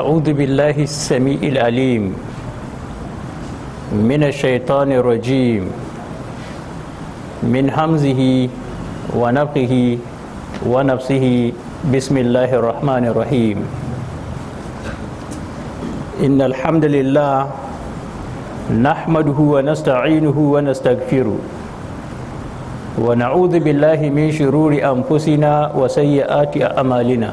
أعوذ بالله السميع العليم من الشيطان الرجيم من همزه ونفخه ونفسه بسم الله الرحمن الرحيم إن الحمد لله نحمده ونستعينه ونستغفره ونعوذ بالله من شرور أنفسنا وسيئات أعمالنا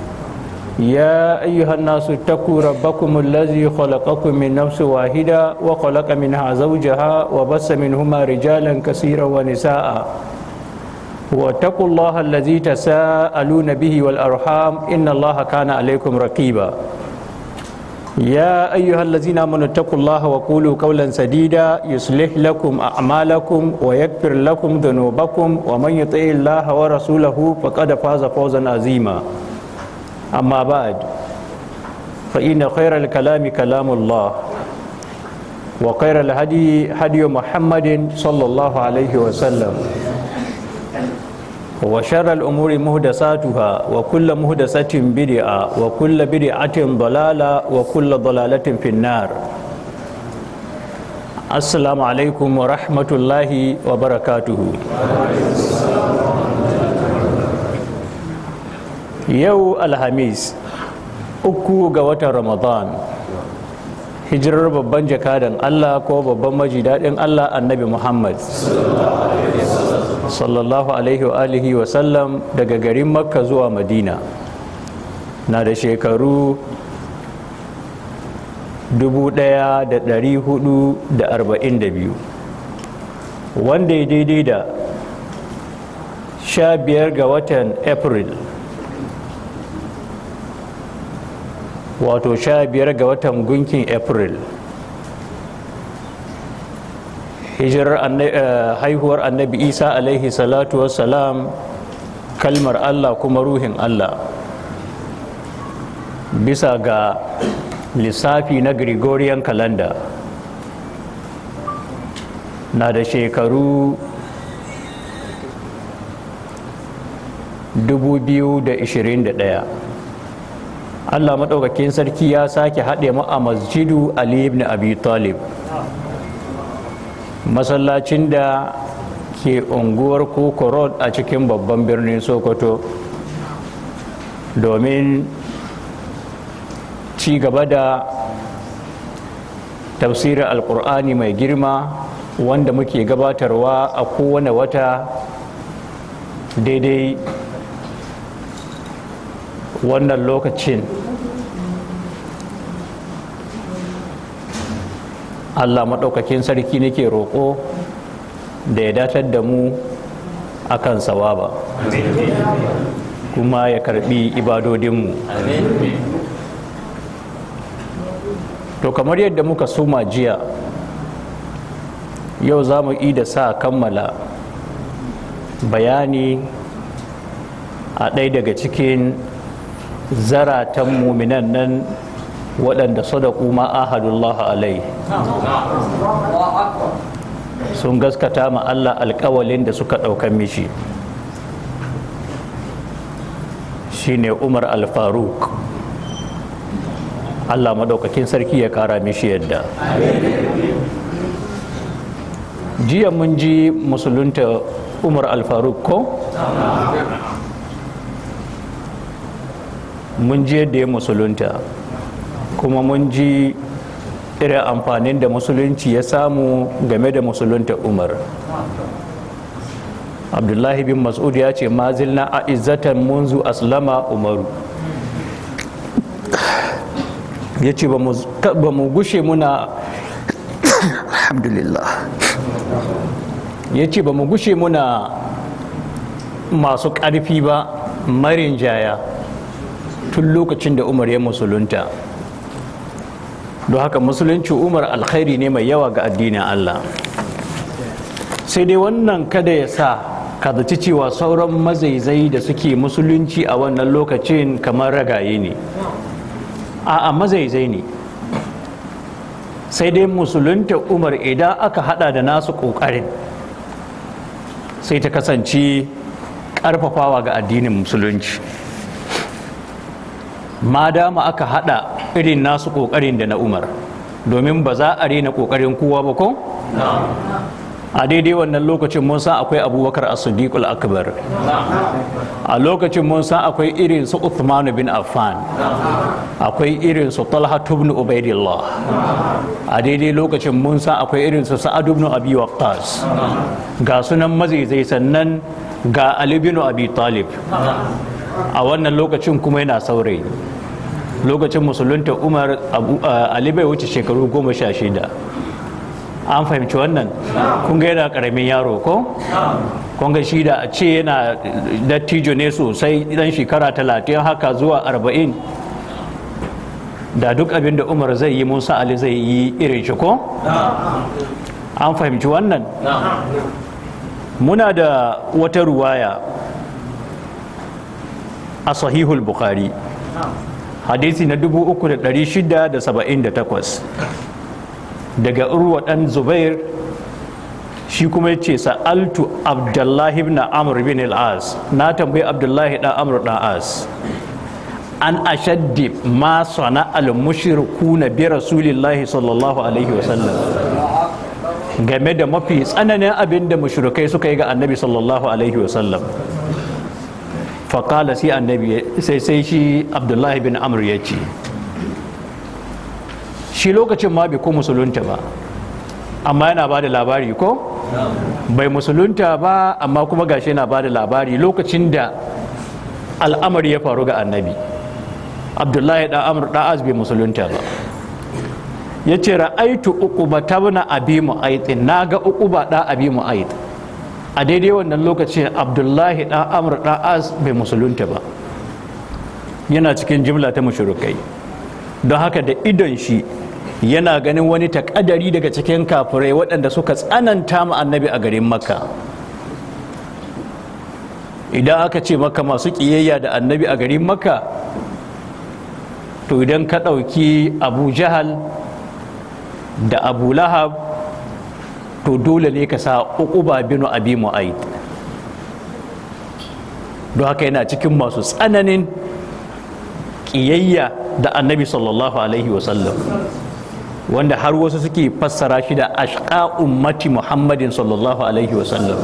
يا أيها الناس اتقوا ربكم الذي خلقكم من نفس واحدة وخلق منها زوجها وبس منهما رجالا كثيرا ونساء واتقوا الله الذي تساءلون به والأرحام إن الله كان عليكم رقيبا يا أيها الذين آمنوا اتقوا الله وقولوا قولا سديدا يصلح لكم أعمالكم ويغفر لكم ذنوبكم ومن يطع الله ورسوله فقد فاز فوزا عظيما amma ba a fa'ina khairar kalami kalamullah wa khairar hadiyi hadiyo muhammadin sallallahu alaihi wasallam wa sharar umuri muhdasatuha wa kulla muhdasatin bidi'a wa kulla bidi'atin dalala wa kulla dalalatin finnar assalamu alaikum wa barakatuhu yau alhamis uku ga watan ramadan hijirar babban jakadan allah ko babban majidadin allah annabi muhammad sallallahu alaihi wa alihi wa sallam daga garin makka zuwa madina na da shekaru 1442 wanda ya daidai da 15 ga watan april wato sha biyar ga watan gunkin april hijirar eh, haihuwar annabi isa alaihi salatu wassalam kalmar allah kuma ruhin allah bisa ga lissafi na gregorian calendar na da shekaru 2021 Allah maɗaukakin sarki ya sake haɗe mu a masjidu Ali ibn Abi Talib masallacin da ke unguwar Koko Road a cikin babban birnin Sokoto domin ci gaba da tafsirin alkur'ani mai girma wanda muke gabatarwa a kowane wata daidai wannan lokacin allah maɗaukakin sarki nake roƙo da ya datar da mu akan sawaba kuma ya karbi ibadodinmu to kamar yadda muka suma jiya yau za mu da sa kammala bayani a ɗaya daga cikin zaratan muminan nan waɗanda sadaku ma ahadullah alai sun gaskata ma Allah alkawalin da suka ɗaukan mishi Shi ne umar alfaruk Allah maɗaukakin sarki ya ƙara mishi yadda jiya mun ji musulunta umar alfaruk ko? mun ji yadda ya musulunta kuma mun ji irin amfanin da musulunci ya samu game da musulunta umar abdullahi bin mas'ud ya ce mazil a izzatan munzu aslama umaru ya ce ba mu gushe muna alhamdulillah ya ce ba mu gushe muna masu ƙarfi ba marin jaya tun lokacin da umar ya musulunta don haka musulunci umar alkhairi ne mai yawa ga addinin allah sai dai wannan kada ya sa ka zaci cewa sauran mazaizai da suke musulunci a wannan lokacin kamar ragaye ne a mazaizai ne sai dai musulunta umar idan aka hada da nasu kokarin sai ta kasance karfafawa ga addinin musulunci Madama aka hada irin nasu kokarin da na umar domin ba za a rena kokarin kowa ba ko a daidai wannan lokacin mun san akwai abubakar as-siddiq akbar a lokacin mun san akwai irin su uthman bin affan akwai irin su talha ibn ubaidillah a daidai lokacin mun san akwai irin su sa'ad ibn abi Waqtas. ga sunan mazaizai sannan ga ali bin abi talib a wannan lokacin kuma yana saurayi lokacin musulunta umar ali bai wuce shekaru goma sha shida an fahimci wannan kunga yana karamin yaro ko kun ga shi da ce yana dattijo ne sosai dan shekara talatin haka zuwa arba'in da duk abin da umar zai yi musa ali zai yi irin shi ko an fahimci wannan muna da wata ruwaya a sahihul bukhari hadisi na 3678 daga urwa dan zubair shi kuma ya ce sa'altu abdullahi ibn amr bin al-as na tambayi abdullahi dan amr dan as an ashaddi ma sana al na bi rasulillahi sallallahu alaihi wasallam game da mafi tsananin abin da mushrikai suka yi ga annabi sallallahu alaihi wasallam faƙala sai annabi sai sai shi abdullahi bin amr ya ce shi lokacin ma bai ko musulunta ba amma yana ba da labari ko bai musulunta ba amma kuma gashi yana ba da labari lokacin da al'amari ya faru ga annabi abdullahi da amr da bai musulunta ba ya ce ra'aitu uku ba tabna abi mu'aitin na ga uku ba da abi mu'aitin a daidai wannan lokacin abdullahi ɗan amur ɗan as bai musulunta ba yana cikin jimla ta mashirukai don haka da idon shi yana ganin wani takadari daga cikin kafirai waɗanda suka tsananta ma annabi a garin makka idan aka ce maka masu ƙiyayya da annabi a garin makka to idan ka ɗauki abu jahal da abu lahab to dole ne ka sa uquba bin abi mu'ayd don haka yana cikin masu tsananin kiyayya da annabi sallallahu alaihi wasallam wanda har wasu suke fassara shi da ashqa ummati muhammadin sallallahu alaihi wasallam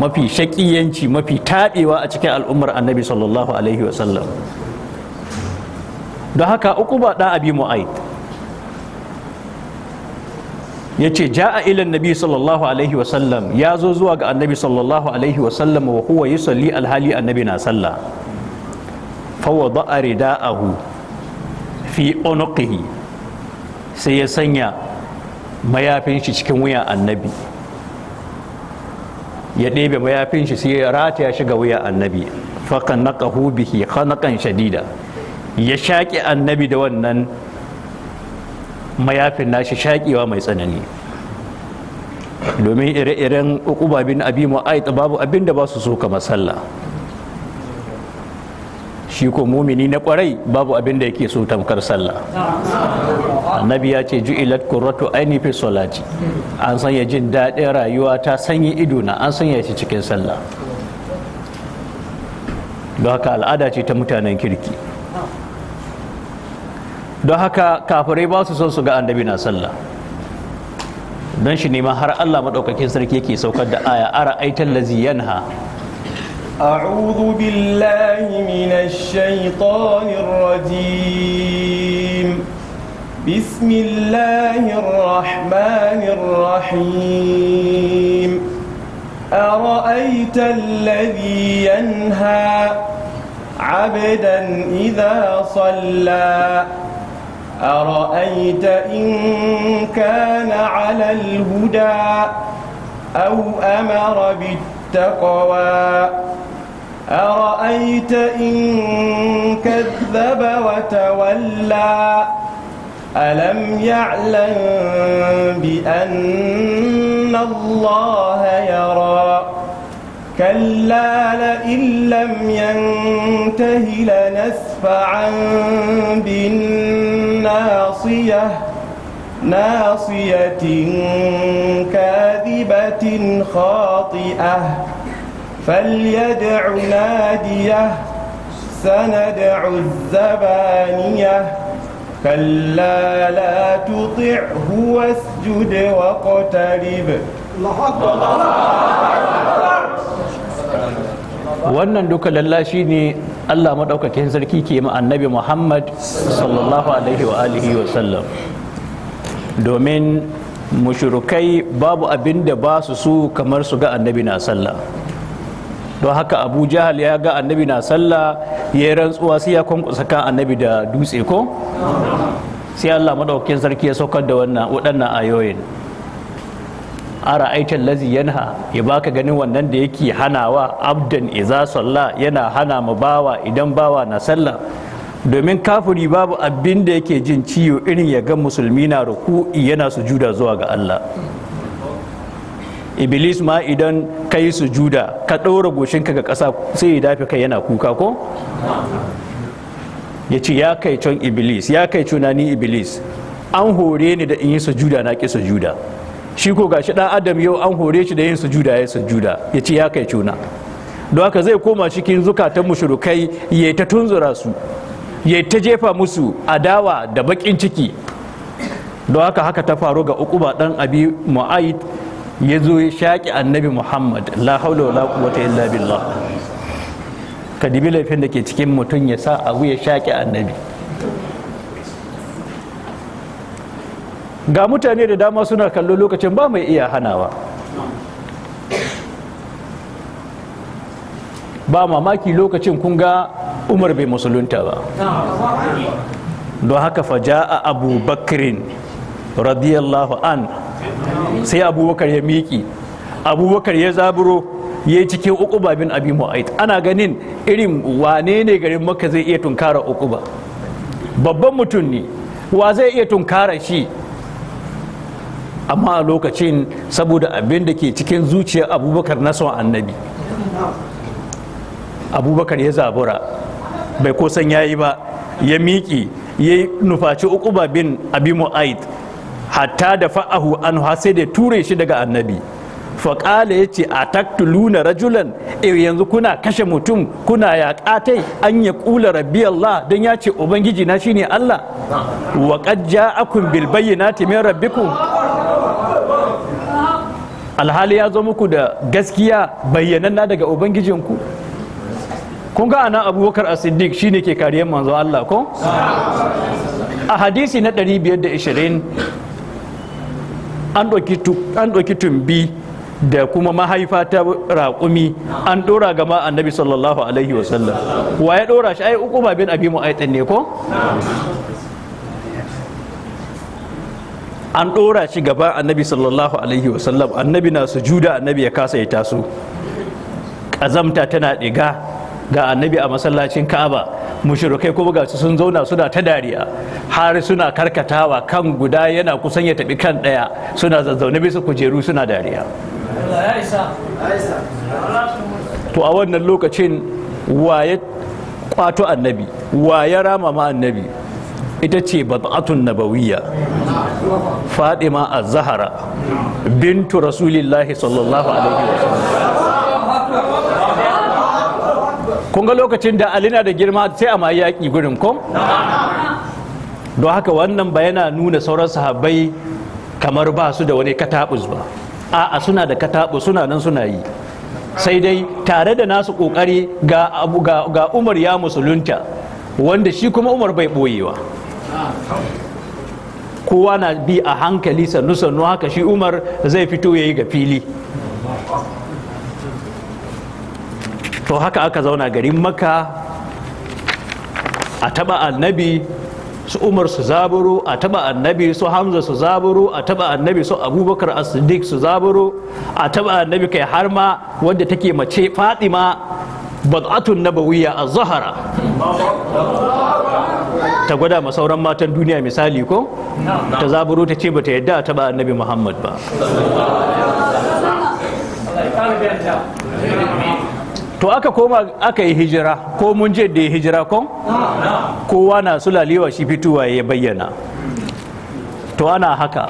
mafi shaƙiyanci mafi taɓewa a cikin al'ummar annabi sallallahu alaihi wasallam don haka uku ba ɗan abi mu'aid ya ce ja'a ilan nabi sallallahu alaihi wasallam ya zo zuwa ga annabi sallallahu alaihi wasallam wa huwa yusalli alhali annabi na sallah fawada a rida'ahu fi onokihi sai ya sanya mayafin shi cikin wuya annabi ya ɗebe mayafin shi sai ya rataya shi ga wuya annabi fakan na bihi khanakan shadida ya shaƙi annabi da wannan mayafin nashi shakewa mai tsanani domin ire-iren ukuba bin abi mu'ayt babu abin da ba su so kamar sallah shi ko mumini na kwarai babu abin da yake so tamkar sallah annabi ya ce ju'ilat qurratu aini fi salati an sanya jin daɗin rayuwa ta sanyi ido na an sanya shi cikin sallah don haka al'ada ce ta mutanen kirki don haka kafirai ba su son su ga annabi na sallah don shi nema har Allah maɗaukakin sarki yake saukar da aya a aitan lazi yanha أعوذ بالله من الشيطان الرجيم بسم الله الرحمن الرحيم أرأيت الذي ينهى عبدا إذا صلى أرأيت إن كان على الهدى أو أمر بالتقوى أرأيت إن كذب وتولى ألم يعلم بأن الله يرى كلا لئن لم ينته لنسفعا بالناصية ناصية كاذبة خاطئة فليدع ناديه سندع الزبانية كلا لا تطعه واسجد واقترب wannan duka lallashi ne allah maɗaukakin sarki ke ma annabi muhammad sallallahu alaihi wa alihi wa sallam domin mushrikai babu abin da ba su su kamar su ga annabi na sallah don haka abu jahal ya ga annabi na sallah ya yi rantsuwa sai ya kwankwasa kan annabi da dutse ko sai allah maɗaukakin sarki ya saukar da waɗannan ayoyin ara aitan lazi yanha ya baka ganin wannan da yake hanawa abdan iza sallah, yana hana mu bawa idan bawa na sallah domin kafuri babu abin da yake jin ciwo irin ya ga musulmi na ruku'i yana sujuda zuwa ga Allah iblis ma idan ka yi sujuda ka ɗora goshinka ga ƙasa sai ya dafi kai yana kuka ko ya ce ya kai can iblis ya kai cunani iblis an hore ni da in yi sujuda na ƙi sujuda shi ko gashi dan adam yau an hore shi da yin sujuda ya sujuda ya ce ya kai cuna don haka zai koma cikin zukatan mushrikai ya ta tunzura su ya ta jefa musu adawa da bakin ciki don haka haka ta faru ga ukuba dan abi mu'aid ya zo ya shaƙi annabi muhammad la haula wala quwwata illa billah ka dibi laifin da ke cikin mutum ya sa abu ya shaƙi annabi ga mutane da dama suna kallo lokacin ba mai iya hanawa ba mamaki lokacin kun ga umar bai musulunta ba don haka a abu bakirin radiyallahu an sai abubakar ya miki, abubakar ya zaburo ya yi cikin ukuba bin abi mu'ait ana ganin irin wane ne garin maka zai iya tunkara ukuba babban mutum ne wa zai iya tunkara shi amma a lokacin saboda abin da ke cikin zuciyar abubakar na son annabi abubakar ya zabura bai kosan ya yi ba ya miƙi ya nufaci uku bin abi mu'aid hatta da fa'ahu an sai da ture shi daga annabi faƙala ya ce a taktuluna rajulan eh, yanzu kuna kashe mutum kuna ya ƙatai an ya ƙula rabbi Allah don ya ce ubangiji na shine Allah wa akun ja'akum bil timin min alhali ya zo muku da gaskiya bayyananna daga ubangijinku kun ga anan abubakar a siddiq ne ke kariyar manzo Allah ko a hadisi na 520 an ɗauki tumbi da kuma mahaifa ta raƙumi an ɗora gama annabi sallallahu alaihi wasallam wa ya ɗora shi ai uku bin abi aitan ne ko an ɗora shi gaba annabi sallallahu alaihi wasallam annabi na sujuda annabi ya kasa ya taso ƙazamta tana ɗiga ga annabi a masallacin ka'aba mushrikai kuma ga sun zauna suna ta dariya har suna karkatawa kan guda yana kusan ya taɓi kan ɗaya suna zazzaune bisa kujeru suna dariya to a wannan lokacin waye kwato annabi wa ya rama ma annabi ita ce bat'atun nabawiyya fadima a zahara bintu rasulillahi sallallahu alaihi wasallam kun ga lokacin da alina da girma sai a mayi yaƙi gurin kom don haka wannan ba yana nuna sauran sahabbai kamar ba su da wani katabus ba a'a suna da katabu suna nan suna yi sai dai tare da nasu kokari ga, ga umar ya musulunta wanda shi kuma umar bai ɓoyewa. kowa na bi a hankali sannu sannu haka shi umar zai fito ya yi ga fili to haka aka zauna garin maka a taba annabi su umar su zaburo a taba annabi su hamza su zaburo a taba annabi su abubakar as-siddiq su zaburo a taba annabi kai har ma wadda take mace fatima bad'atun nabawiyya a zahara ta gwada ma sauran matan duniya misali ko ta zaburo ta ce ba ta yadda ta ba annabi muhammad ba to aka koma aka yi hijira ko mun je da ya hijira ko kowa na sulalewa shi fitowa ya bayyana to ana haka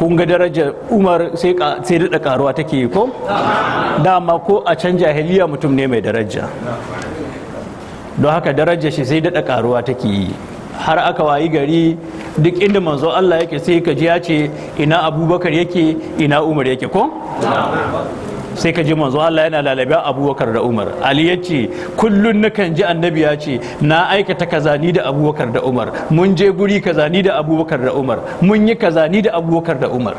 kun ga darajar umar sai daɗa karuwa take yi ko dama ko a can jahiliya mutum ne mai daraja don haka darajar shi sai daɗa karuwa take yi har aka wayi gari duk inda manzo Allah yake sai ka ji ya ce ina abubakar yake ina umar yake ko sai ka ji manzo Allah yana lalabe abubakar da umar ali ya ce kullun nakan ji annabi ya ce na aikata kazani da abubakar da umar mun je guri kazani da abubakar da umar mun yi kazani da abubakar da umar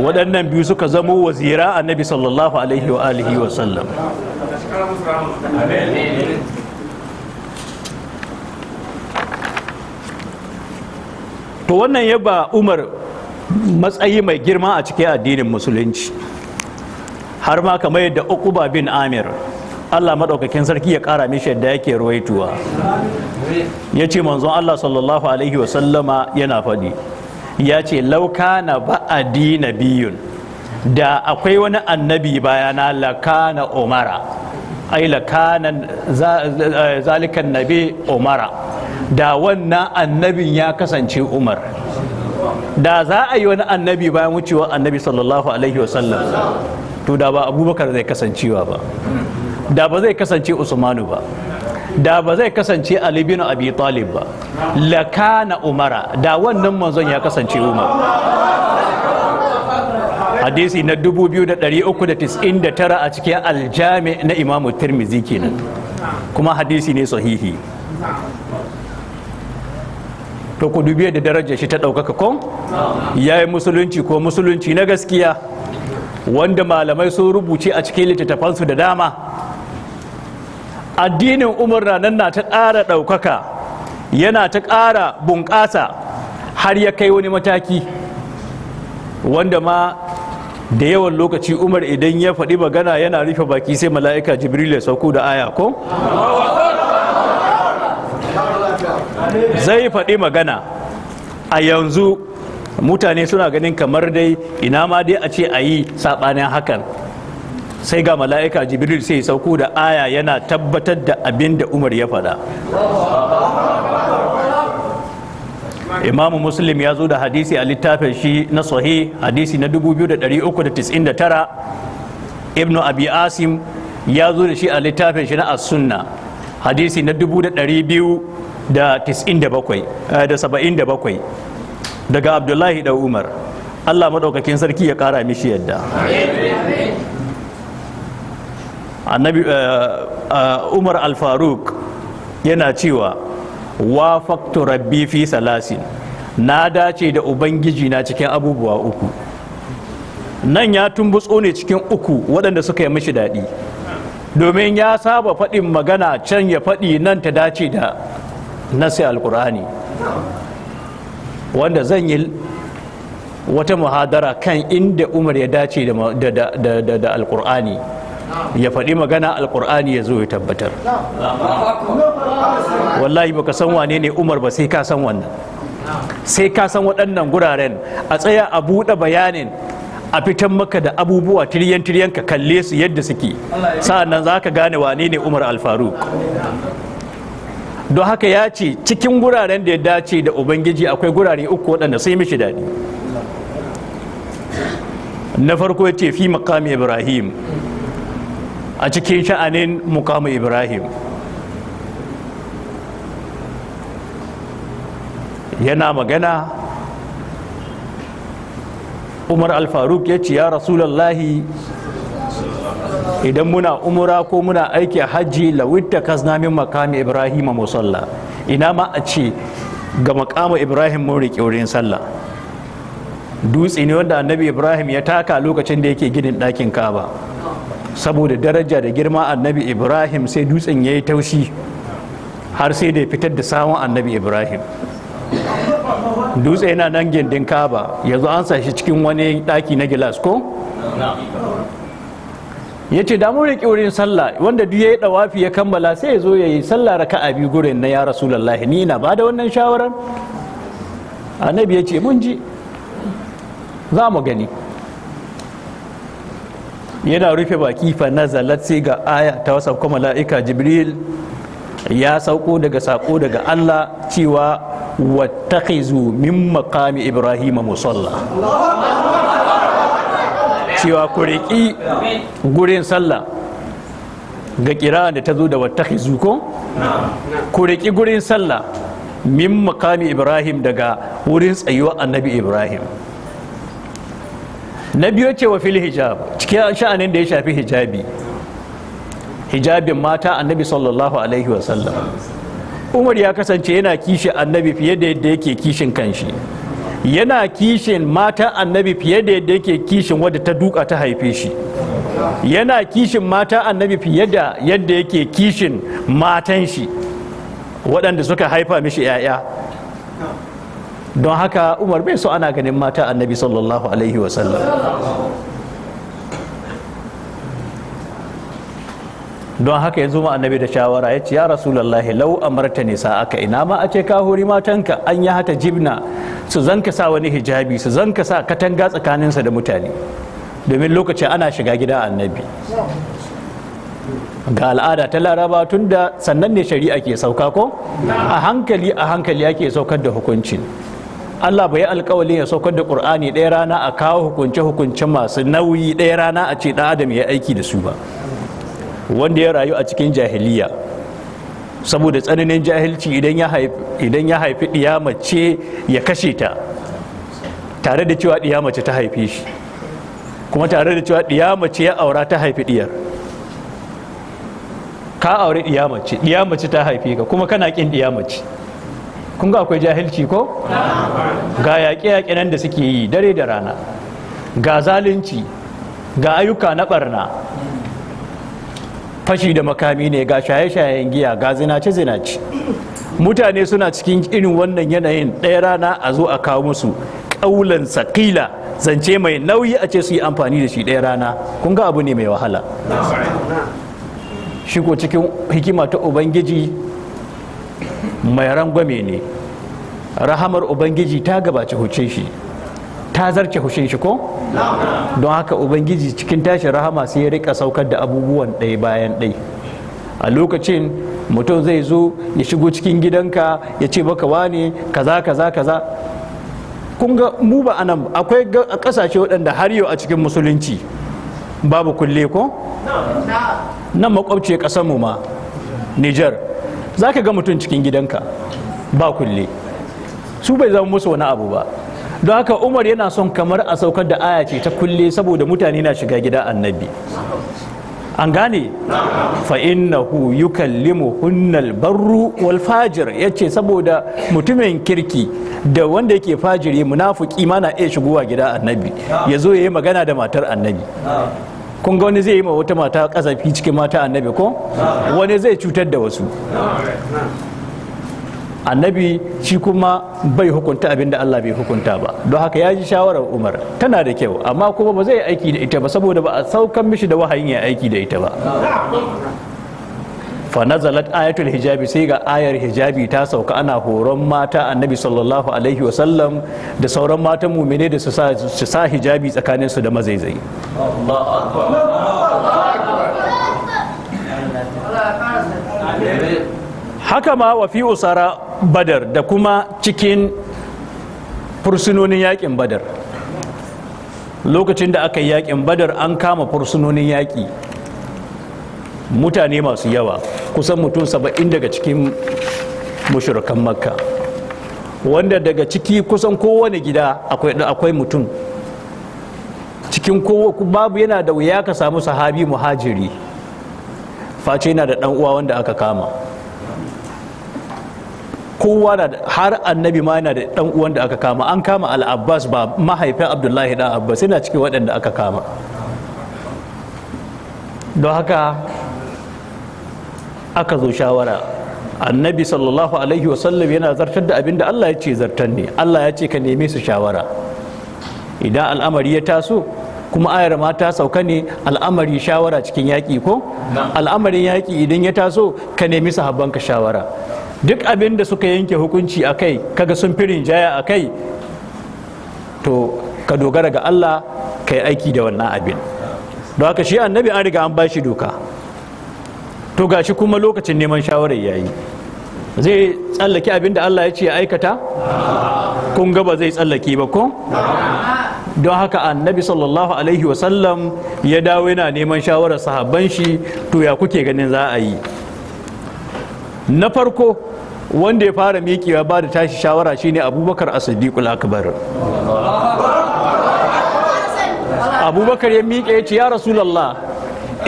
waɗannan biyu suka zamo wazira annabi sallallahu alaihi wa alihi wa sallam to wannan ya umar matsayi mai girma a cikin addinin musulunci har ma kamar yadda ukuba bin amir allah maɗaukakin sarki ya ƙara mishi yadda yake ruwaituwa ya ce manzon allah sallallahu alaihi wasallama yana faɗi ya ce lauka na ba'adi biyun da akwai wani annabi bayana lakana umara ai kanan eh, zalikan nabi umara da wannan annabin ya kasance umar da za a yi wani annabi bayan wucewa annabi sallallahu alaihi wasallam to da ba abubakar zai kasancewa ba da ba zai kasance usmanu ba da ba zai kasance ali bin abi talib ba lakana umara da wannan manzon ya kasance umar hadisi na tara a cikin aljami na imamu tirmizi kenan kuma hadisi ne sahihi to ku dubi da darajar shi ta ɗaukaka kon ya yi musulunci ko musulunci na gaskiya wanda malamai sun rubuce a cikin littattafansu da dama addinin umar na na ta ƙara ɗaukaka yana ta ƙara bunƙasa har ya kai wani mataki wanda ma da yawan lokaci umar idan ya faɗi magana yana rufe baki sai mala'ika jibril ya sauko da aya ko zai faɗi magana a yanzu mutane suna ganin kamar dai ina ma dai a ce a yi saɓanin hakan sai ga mala'ika jibril sai sauko da aya yana tabbatar da abin da umar ya faɗa imamu muslim ya zo da hadisi a littafin shi na sahi hadisi na 2399 ibnu abi asim ya zo da shi a littafin shi na as-sunna hadisi na 297 eh, daga abdullahi da umar allah maɗaukakin sarki ya ƙara mishi yadda annabi eh, eh, umar al-faruk yana cewa wafaktu rabbi fi salasi na dace da ubangiji na cikin abubuwa uku nan ya tumbutso ne cikin uku waɗanda suka yi mishi daɗi domin ya saba faɗin magana can ya faɗi nan ta dace da nasi alkur'ani wanda zan yi wata muhadara kan inda umar ya dace da alkur'ani ya faɗi magana Alƙur'ani ya zo ya tabbatar wallahi baka san wane ne umar ba sai ka san wannan sai ka san waɗannan guraren a tsaya a buɗe bayanin a fitan maka da abubuwa tiriyan tiriyan ka kalle su yadda suke sa'annan za ka gane wane ne umar alfaruk don haka ya ce cikin guraren da ya dace da ubangiji akwai gurare uku waɗanda sai mishi daɗi na farko ya ce fi makami ibrahim a cikin sha'anin mukamu ibrahim yana magana umar alfaruk ya ce ya rasulallahi idan muna umura ko muna aiki hajji lawitta kaznamin makami ibrahim a musalla ina ma a ce ga makamu ibrahim mun riƙe wurin sallah dutse ne wanda annabi ibrahim ya taka lokacin da yake ginin ɗakin kaba saboda daraja da girma annabi ibrahim sai dutsen ya yi taushi har sai da ya fitar da sawon annabi ibrahim dutse yana nan gindin kaba zo an sa shi cikin wani daki na gilas ko ya ce damu da wurin sallah wanda duk ya yi ɗawafi ya kammala sai ya zo ya yi sallah raka a biyu gurin na ya rasulallah ni na ba da wannan shawarar annabi ya ce mun ji za mu gani yana rufe baki fa nazalat sai ga aya ta wasa kuma mala'ika jibril ya sauko daga sako daga Allah cewa wattakhizu min maqami ibrahim musalla cewa ku riki gurin sallah ga kira da ta zo da wattakhizu ko ku riki gurin sallah min maqami ibrahim daga wurin tsayuwar annabi ibrahim na biyu ce wa fili hijab cikin sha'anin da ya shafi hijabi hijabin mata annabi sallallahu alaihi wasallam umar ya kasance yana kishin annabi fiye da yadda yake kishin kanshi yana kishin mata annabi fiye da yadda yake kishin wadda ta duka ta haife shi yana kishin mata annabi fiye da yadda yake kishin matan shi waɗanda suka haifa mishi 'ya'ya don haka umar bai so ana ganin mata annabi sallallahu alaihi wasallam don haka yanzu zo ma annabi da shawara ya ce ya rasulallahi lau amarta ne sa aka ina ma a ce ka hori matanka an yi hata jibna su zanka sa wani hijabi su zanka sa katanga tsakaninsa da mutane domin lokacin ana shiga gida annabi ga al'ada ta laraba tun da sannan ne shari'a ke sauka ko a hankali a hankali ake saukar da hukuncin Allah bai alkawalin ya saukar da Qur'ani ɗaya rana a kawo hukunce hukunce masu nauyi ɗaya rana a ce ɗan adam ya aiki da su ba wanda ya rayu a cikin jahiliya saboda tsananin jahilci idan ya haifi ɗiya mace ya kashe ta tare da cewa ɗiya mace ta haife shi kuma tare da cewa ɗiya mace ya aura ta haifi ɗiyar ka aure ɗiya mace ɗiya mace ta haife ka kuma kana ƙin ɗiya mace kun ga akwai jahilci ko ga yaƙe-yaƙe nan da suke yi dare da rana ga zalunci ga ayyuka na barna fashi da makami ne ga shaye-shayen giya ga zinace-zinace mutane suna cikin irin wannan yanayin ɗaya rana a zo a kawo musu ƙaulan sakila zance mai nauyi a ce su yi amfani da shi ɗaya rana kun ga abu ne mai wahala shi ko cikin hikima ta ubangiji mai rangwame ne rahamar ubangiji ta gabaci huce shi ta zarce hushin shi ko don haka ubangiji cikin tashin rahama sai ya rika saukar da abubuwan ɗaya bayan ɗaya a lokacin mutum zai zo ya shigo cikin gidanka ya ce maka wane kaza kaza kaza kun ga mu ba anan akwai kasashe waɗanda har yau a cikin musulunci babu kulle ko nan makwabci ƙasar mu ma niger za ka ga mutum cikin gidanka ba kulle su bai zama musu wani abu ba don haka umar yana son kamar a saukar da aya ce ta kulle saboda mutane na shiga gida annabi an gane yi yukallimu hunnal barru wal fajir ce saboda mutumin kirki da wanda yake fajiri munafuki ma na iya shigowa gida annabi ya zo ya yi magana da matar annabi kun ga wani zai yi ma wata mata kazafi cikin mata annabi ko wani zai cutar da wasu annabi shi kuma bai hukunta abinda Allah bai hukunta ba don haka ya ji shawarar Umar tana da kyau amma kuma ba zai aiki da ita ba saboda ba a saukan mishi da wahayin ya aiki da ita ba fa nazalat ayatul hijabi sai ga ayar hijabi ta sauka ana horon mata annabi sallallahu alaihi wasallam da sauran matan mumine da su sa hijabi tsakaninsu da mazaizai haka ma wa fi usara badar da kuma cikin fursunonin yakin badar lokacin da aka yi yakin badar an kama fursunonin yaki mutane masu yawa kusan mutum saba'in daga cikin mushrikan makka wanda daga ciki kusan kowane gida akwai mutum cikin babu yana da wuya ka samu sahabi muhajiri face yana da ɗan uwa wanda aka kama kowa na har annabi ma yana da ɗan uwan da aka kama an kama al-abbas ba mahaifin abdullahi dan abbas yana cikin waɗanda aka kama don haka aka zo shawara annabi sallallahu alaihi wasallam yana zartar da abin da allah ya ce zartar ne allah ya ce ka neme su shawara idan al'amari ya taso kuma ayar ma ta sauka ne al'amari shawara cikin yaƙi ko al'amarin yaƙi idan ya taso ka nemi ka shawara duk abin da suka yanke hukunci a kai kaga sun fi rinjaya a kai to ka dogara ga allah ka yi aiki da wannan abin don haka shi annabi an riga an ba doka to shi kuma lokacin neman shawarar yayi zai tsallake abin da Allah ya ce ya aikata kun gaba zai tsallake ba ko don haka annabi sallallahu alaihi wasallam ya dawo yana neman shawarar sahabban shi to ya kuke ganin za a yi na farko wanda ya fara miƙewa ba da tashi shawara shine abubakar as-siddiqul abubakar ya miƙe ya ce ya rasulallah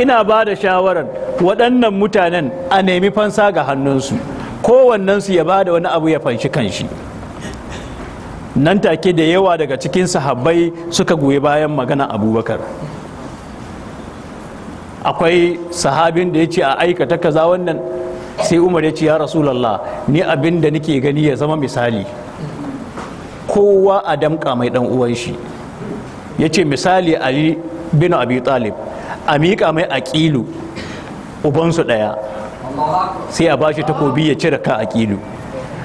ina ba da shawarar waɗannan mutanen a nemi fansa ga hannunsu kowannensu ya ba da wani abu ya fanshi kanshi nan take da yawa daga cikin sahabbai suka goyi bayan magana abubakar akwai sahabin da ya ce a aikata kaza wannan sai umar ya ce ya rasulallah ni abin da nake gani ya zama misali kowa a damƙa mai ɗan uwan shi ya ce misali ali bin abi talib a miƙa mai aƙilu ubansu ɗaya sai a bashi takobi ya cire ka aƙilu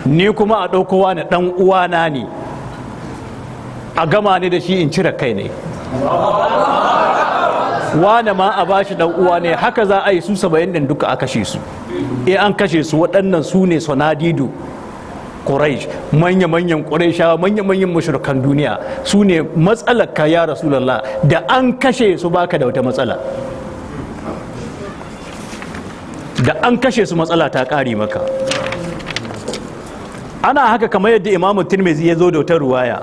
ni kuma a ɗaukowa na ɗan uwana ne a gama ni da shi in cire kai ne wane ma a bashi ɗan uwa ne haka za a yi su saba'in da duka a kashe su e an kashe su waɗannan su ne sanadidu quraish manya-manyan quraisha manya-manyan mashirkan duniya su ne matsalar ka ya rasulallah da an kashe su baka da wata matsala da an kashe su matsala ta ƙari maka ana haka kamar yadda imamu tirmidhi ya zo da wata ruwaya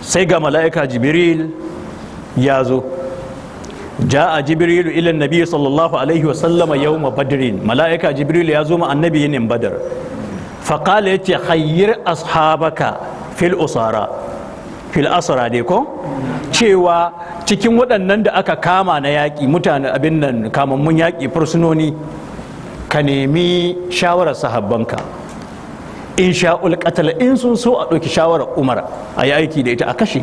sai ga mala'ika jibril ya zo Ja a jibril ilan nabi sallallahu alaihi wasallama yau ma badirin mala'ika jibril ya zo ma annabi yinin badar faƙala ya ce hayyar ashabaka fil usara fil asra dai ko cewa cikin waɗannan da aka kama na yaƙi mutane abin nan mun yaƙi fursunoni ka nemi shawarar sahabbanka in sha'ul qatala in sun so a ɗauki shawarar umar a yi aiki da ita a kashe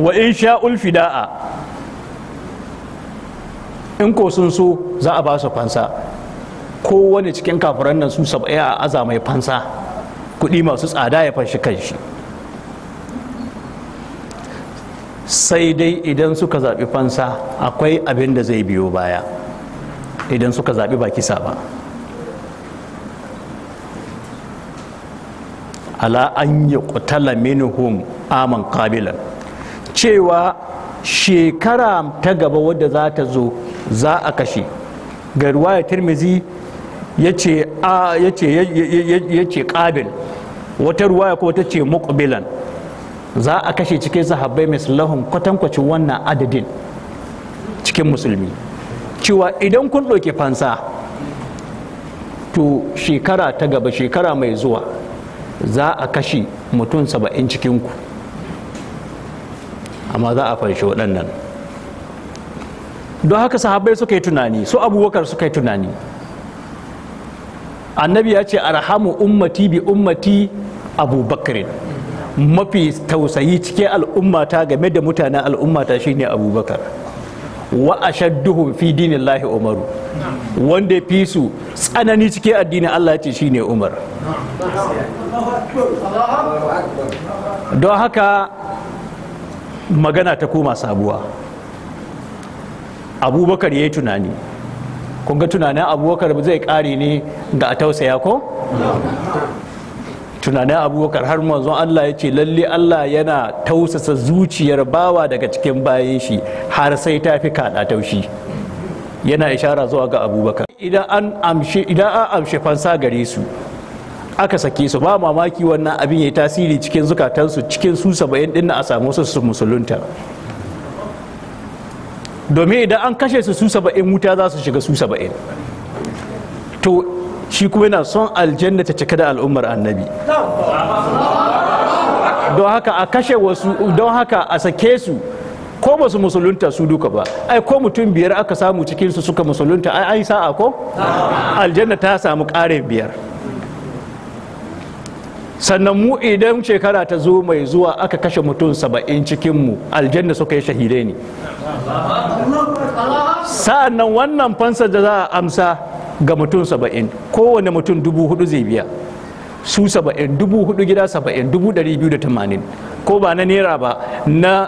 wa in sha'ul fida'a in ko sun so za a ba su fansa kowane cikin kafiran nan su saba'i a aza mai fansa kuɗi masu tsada ya fashi kanshi shi sai dai idan suka zaɓi fansa akwai abin da zai biyo baya idan suka zaɓi ba kisa ba ala an yi kutala minuhum aman kabilan cewa shekara ta gaba wadda za ta zo za a kashe ga ruwaya tirmizi ya ce kabil wata ruwaya ko ta ce mukbilan za a kashe cikin sahabbai mai sallahun kwatankwacin wannan adadin cikin musulmi cewa idan kun ɗauki fansa to shekara ta gaba shekara mai zuwa za a kashe mutum saba'in cikinku amma za a fanshi waɗannan don haka sahabbai suka yi tunani su abubakar suka yi tunani annabi ya ce arhamu ummati bi ummati abubakarin mafi tausayi cikin al'ummata game da mutanen al'ummata shine abubakar wa ashadduhum fi lahi umaru wanda fi su tsanani cikin addinin Allah ce shine umar don haka magana ta koma sabuwa abubakar ya yi tunani kun ga tunanin abubakar zai kare ne da a tausaya ko tunanin abubakar har manzon Allah ya ce lalle Allah yana tausasa zuciyar bawa daga cikin bayan shi har sai ta fi kaɗa taushi yana ishara zuwa ga abubakar idan an amshe fansa gare su aka sake su ba mamaki wannan abin ya tasiri cikin zukatansu cikin su saba'in din a samu su musulunta domin idan an kashe su su saba'in wuta za su shiga su saba'in to shi kuma yana son aljanna ta cika da al'ummar annabi don haka a kashe wasu don haka a sake su ko ba su musulunta su duka ba ai ko mutum biyar aka samu cikin su suka musulunta ai ai sa'a ko aljanna ta samu ƙarin biyar sannan mu idan shekara ta zo mai zuwa aka kashe mutum saba'in cikin mu aljanna suka yi shahidai ne nan wannan fansa da za a amsa ga mutum saba'in kowane mutum dubu hudu zai biya su saba'in dubu hudu gida saba'in dubu dari biyu da tamanin ko ba na naira ba na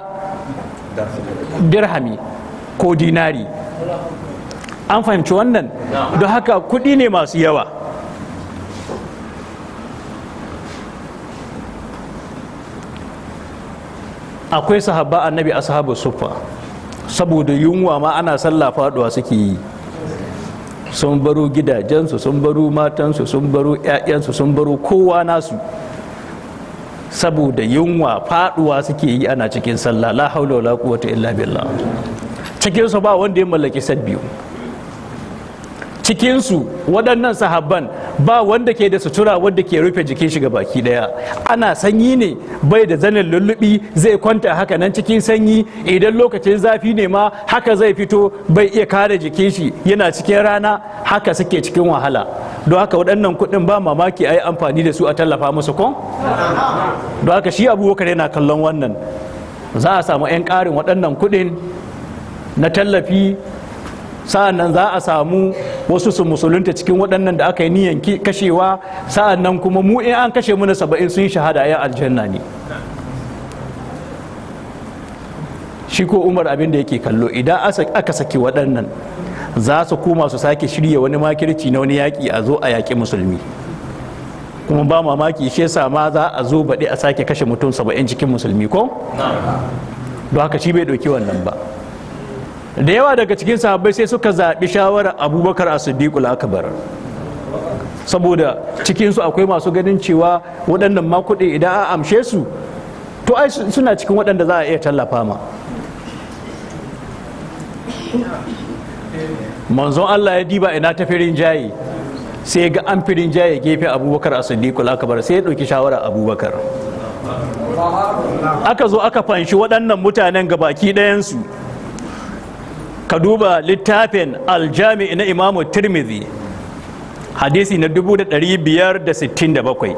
dirhami ko dinari an fahimci wannan don haka kudi ne masu yawa akwai sahabba annabi ashabu sufa saboda yunwa ma ana sallah faduwa suke yi sun baro gidajensu sun baro matansu sun baro 'ya'yansu sun baro kowa nasu saboda yunwa faduwa suke yi ana cikin sallah la haula wala quwwata illa billah cikin su ba wanda ya mallaki sabbiyu cikin su waɗannan sahabban ba wanda ke da sutura wanda ke rufe jikin shi baki daya ana sanyi ne bai da zanin lullubi zai kwanta haka nan cikin sanyi idan lokacin zafi ne ma haka zai fito bai iya kare jikin shi yana cikin rana haka suke cikin wahala don haka waɗannan kuɗin ba mamaki a amfani da su a tallafa musu kon don haka shi abubakar yana kallon wannan za a samu 'yan ƙarin waɗannan kuɗin na tallafi sa'an nan za a samu wasu su musulunta cikin waɗannan da aka yi niyan kashewa sa'an nan kuma mu in an kashe muna saba'in sun shahada ya aljanna ne shi ko umar abin da yake kallo idan aka saki waɗannan za su koma su sake shirya wani makirci na wani yaƙi a zo a yaƙi musulmi kuma ba mamaki shi yasa ma za a zo baɗi a sake kashe mutum saba'in cikin musulmi ko don haka shi bai ɗauki wannan ba da yawa daga cikin sahabbai sai suka zaɓi shawarar abubakar a siddiqul akabar saboda cikinsu akwai masu ganin cewa waɗannan makuɗi idan a amshe su to ai suna cikin waɗanda za a iya tallafa ma manzon Allah ya diba ina ta firin jayi sai ga an firin jayi gefe abubakar a siddiqul akabar sai ya ɗauki shawarar abubakar aka zo aka fanshi waɗannan mutanen ga baki ɗayansu ka duba littafin aljami na imamu tirmidhi hadisi na 567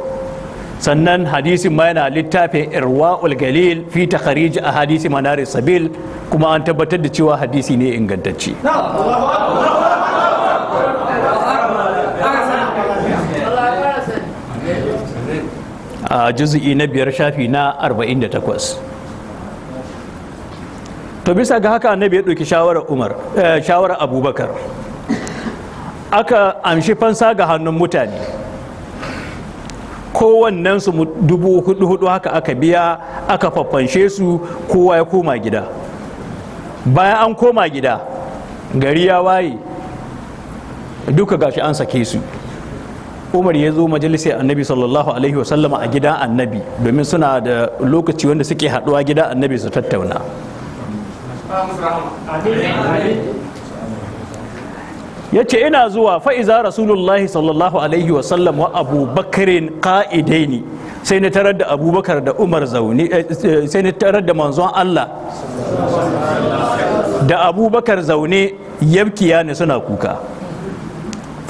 sannan hadisi ma yana littafin irwa galil fi takharij a hadisi manari sabil kuma an tabbatar da cewa hadisi ne ingantacce a juzu'i na biyar shafi na 48 to bisa ga haka annabi ya ɗauki shawarar umar eh, shawarar abubakar aka amshi fansa ga hannun mutane kowannen su dubu hudu hudu haka aka biya aka faffanshe su kowa ya koma gida bayan an koma gida gari ya waye duka gashi an sake su umar ya zo majalisar annabi sallallahu alaihi wasallama a gidan annabi domin suna da lokaci wanda suke haduwa gidan annabi su tattauna ya ce ina zuwa fa'iza rasulullahi sallallahu alaihi wasallam wa abubakarin ƙa'idaini sai na tarar da abubakar da umar zaune eh, eh, sai na tarar da manzon allah da abubakar zaune yabkiya ne suna kuka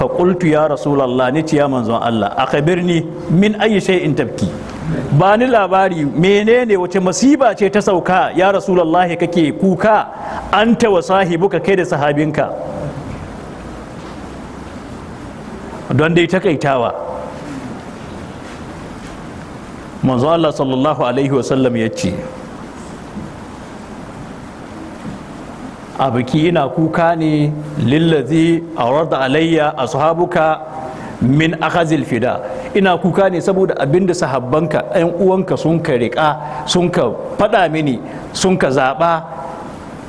faƙultu ya rasulallah ni ciya manzon allah a kabirni min ayi shay'in tabki ba ni labari menene wace masiba ce ta sauka ya rasulullahi kake kuka an ta wa sahibuka kai da sahabinka don dai takaitawa manzo Allah sallallahu alaihi wasallam ya ce a biki ina kuka ne lillazi a alayya ashabuka min akhazil fida ina kuka ne saboda abinda sahabbanka ɗan uwanka sun ka riƙa sun ka faɗa mini sun ka zaɓa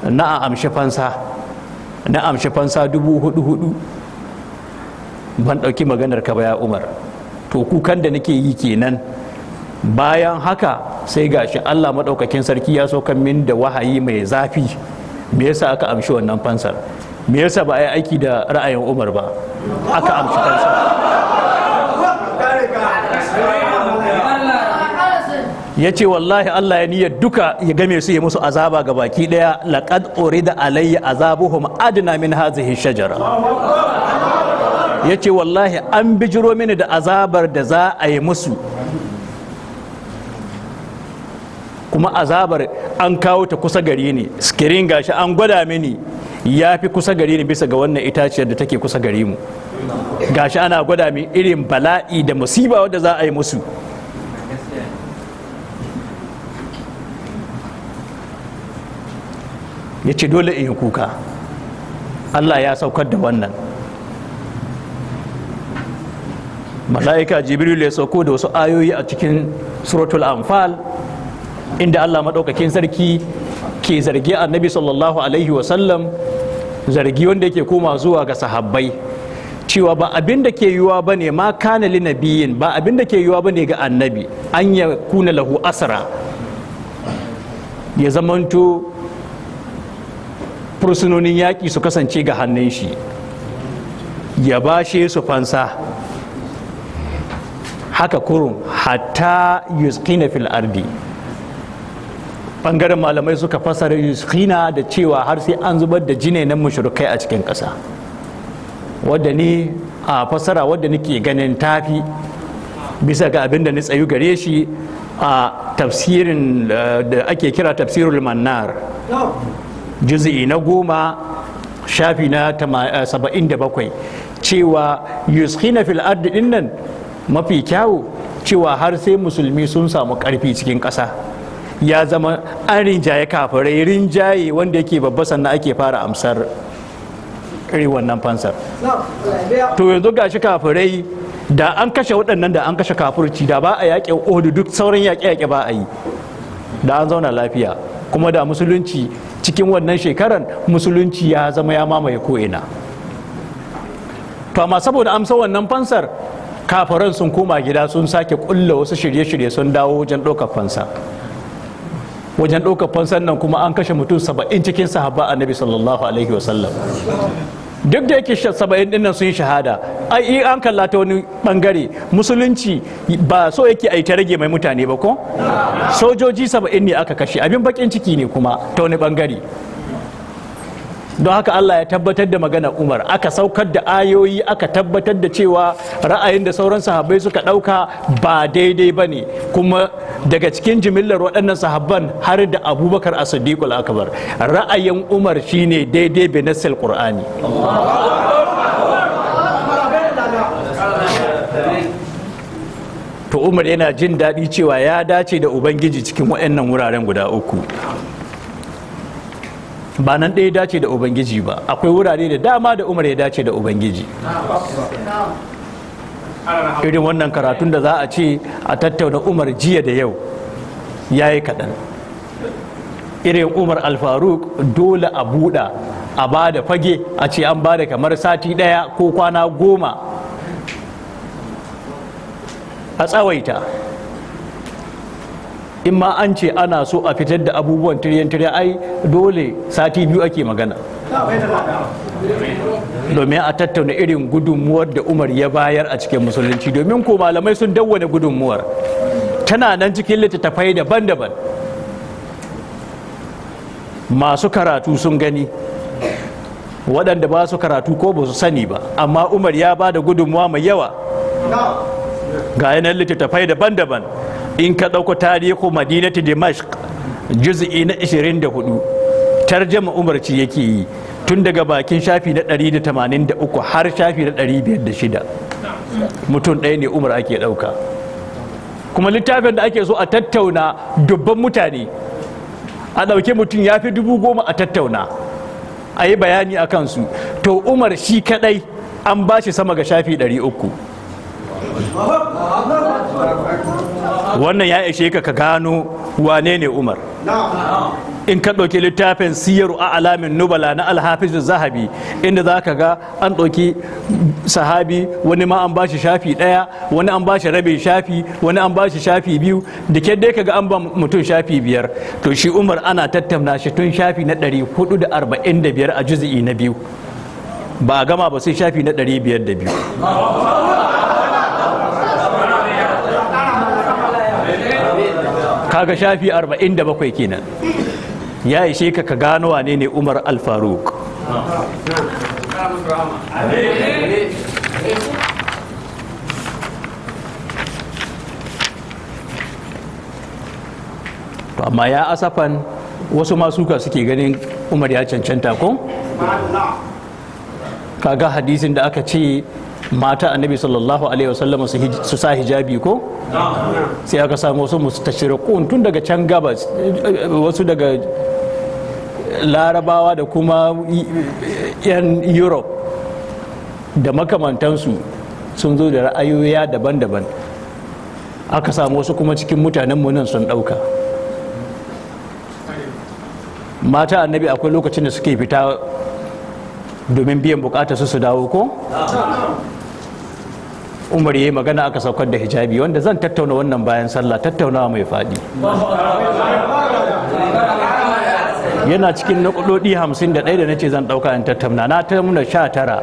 na amshi fansa na amshi fansa dubu hudu hudu ban ɗauki maganar ka ba ya umar to kukan da nake yi kenan bayan haka sai gashi Allah maɗaukakin sarki ya so kan min da wahayi mai zafi me yasa aka amshi wannan fansar me yasa ba a yi aiki da ra'ayin Umar ba aka amshi kansa ya ce wallahi Allah ya niyyar duka ya game su ya musu azaba ga baki daya laqad urida alayya azabuhum adna min hadhihi shajara ya ce wallahi an bijiro mini da azabar da za a yi musu kuma azabar an kawo ta kusa gari ne skirin gashi an gwada mini ya fi kusa gare ni bisa ga wannan itaciyar da take kusa gare mu gashi ana gwada min irin bala'i da musiba wadda za a yi musu ya ce dole in yi kuka allah ya saukar da wannan mala'ika jibril ya sauko da wasu ayoyi a cikin suratul anfal inda allah maɗaukakin sarki ke zargi annabi sallallahu alaihi wasallam zargi wanda yake koma zuwa ga sahabbai cewa ba abin da ke yiwuwa ba ne ma kana li nabiyin ba abin da ke yiwuwa ba ne ga annabi an ya kuna lahu asara ya zamanto fursunonin yaƙi su kasance ga hannun shi ya bashe su fansa haka kurun hatta yuskina fil ardi bangaren malamai suka fasara yuskina da cewa har sai an zubar da jine na mushrikai a cikin ƙasa wadda ni a fasara wadda nake ganin tafi bisa ga abin da ni tsayu gare shi a tafsirin eh, da ake kira tafsirul mannar juzi'i na goma shafi na 77 eh, cewa yuskina fil ardi nan mafi kyawu cewa har sai musulmi sun samu karfi cikin ƙasa ya zama an rinjaye kafirai rinjaye wanda yake babba sannan ake fara amsar iri wannan fansar to yanzu gashi kafirai da an kashe waɗannan da an kashe kafurci da ba a yaƙe odu duk sauran yake yaƙe ba a yi da an zauna lafiya kuma da musulunci cikin wannan shekaran musulunci ya zama ya mamaye ko'ina to amma saboda amsa wannan fansar kafiran sun koma gida sun sake kulla wasu shirye-shirye sun dawo wajen ɗaukar fansa wajen ɗaukar fansan nan kuma an kashe mutum saba'in cikin sahaba annabi sallallahu alaihi wasallam duk da yake saba'in din nan sun yi shahada ai an kalla ta wani bangare musulunci ba so yake a ta rage mai mutane ba ko sojoji saba'in ne aka kashe abin bakin ciki ne kuma ta wani bangare don haka Allah ya tabbatar da magana Umar aka saukar da ayoyi aka tabbatar da cewa ra'ayin da sauran sahabbai suka ɗauka ba daidai ba ne kuma daga cikin jimillar waɗannan sahabban har da abubakar a siddiqul akbar ra'ayin Umar shine daidai nasil Qur'ani to Umar yana jin daɗi cewa ya dace da Ubangiji cikin waɗannan wuraren guda uku ba nan ɗaya dace da ubangiji ba akwai wurare da dama da umar ya dace da ubangiji irin wannan karatun da za a ce a tattauna umar jiya da yau ya yi kaɗan irin umar alfaruk dole a buɗa a ba da fage a ce an ba da kamar sati ɗaya ko kwana goma a tsawaita in ma an ce ana so a fitar da abubuwan tiryan tiryan ai dole sati biyu ake magana domin a tattauna irin gudunmuwar da umar ya bayar a cikin musulunci domin ko malamai sun dawwane gudunmuwar tana nan cikin littattafai daban-daban masu karatu sun gani waɗanda ba su karatu ko ba su sani ba amma umar ya ba da gudunmuwa mai yawa ga yanar littattafai daban-daban in ka ɗauko tarihu madinati dimashq juz'i na 24 tarjama umarci yake yi tun daga bakin shafi na 183 har shafi na 506 mutum ɗaya ne umar ake ɗauka kuma littafin da ake so a tattauna dubban mutane a ɗauke mutum ya fi dubu goma a tattauna a yi bayani a kansu to umar shi kaɗai an ba shi sama ga shafi 300 wannan ya ishe ka ka gano wane ne umar in ka ɗauki littafin siyaru a alamin nubala na alhafizu zahabi inda za ka ga an ɗauki sahabi wani ma an bashi shafi ɗaya wani an bashi rabin shafi wani an bashi shafi biyu da ke dai ka ga an ba mutum shafi biyar to shi umar ana tattauna shi tun shafi na 445 a juzi'i na biyu ba a gama ba sai shafi na 502 kaga shafi 47 kenan ya ishe ka ka gano wane ne umar alfaruk amma ya asafan wasu masuka suke ganin umar ya cancanta ko kaga hadisin da aka ce mata annabi sallallahu alaihi wasallam su sa hijabi ko sai aka samu wasu mustashriqun tun daga can gabas wasu daga larabawa da kuma yan europe da makamantansu sun zo da ra'ayoyi daban-daban aka samu wasu kuma cikin mutanenmu nan sun ɗauka mata annabi akwai lokacin da suke fita domin biyan bukatar su su dawo ko umar ya yi magana aka saukar da hijabi wanda zan tattauna wannan bayan sallah tattaunawa mai faɗi yana cikin nakudodi hamsin da ɗaya da na ce zan ɗauka in tattauna na ta muna sha tara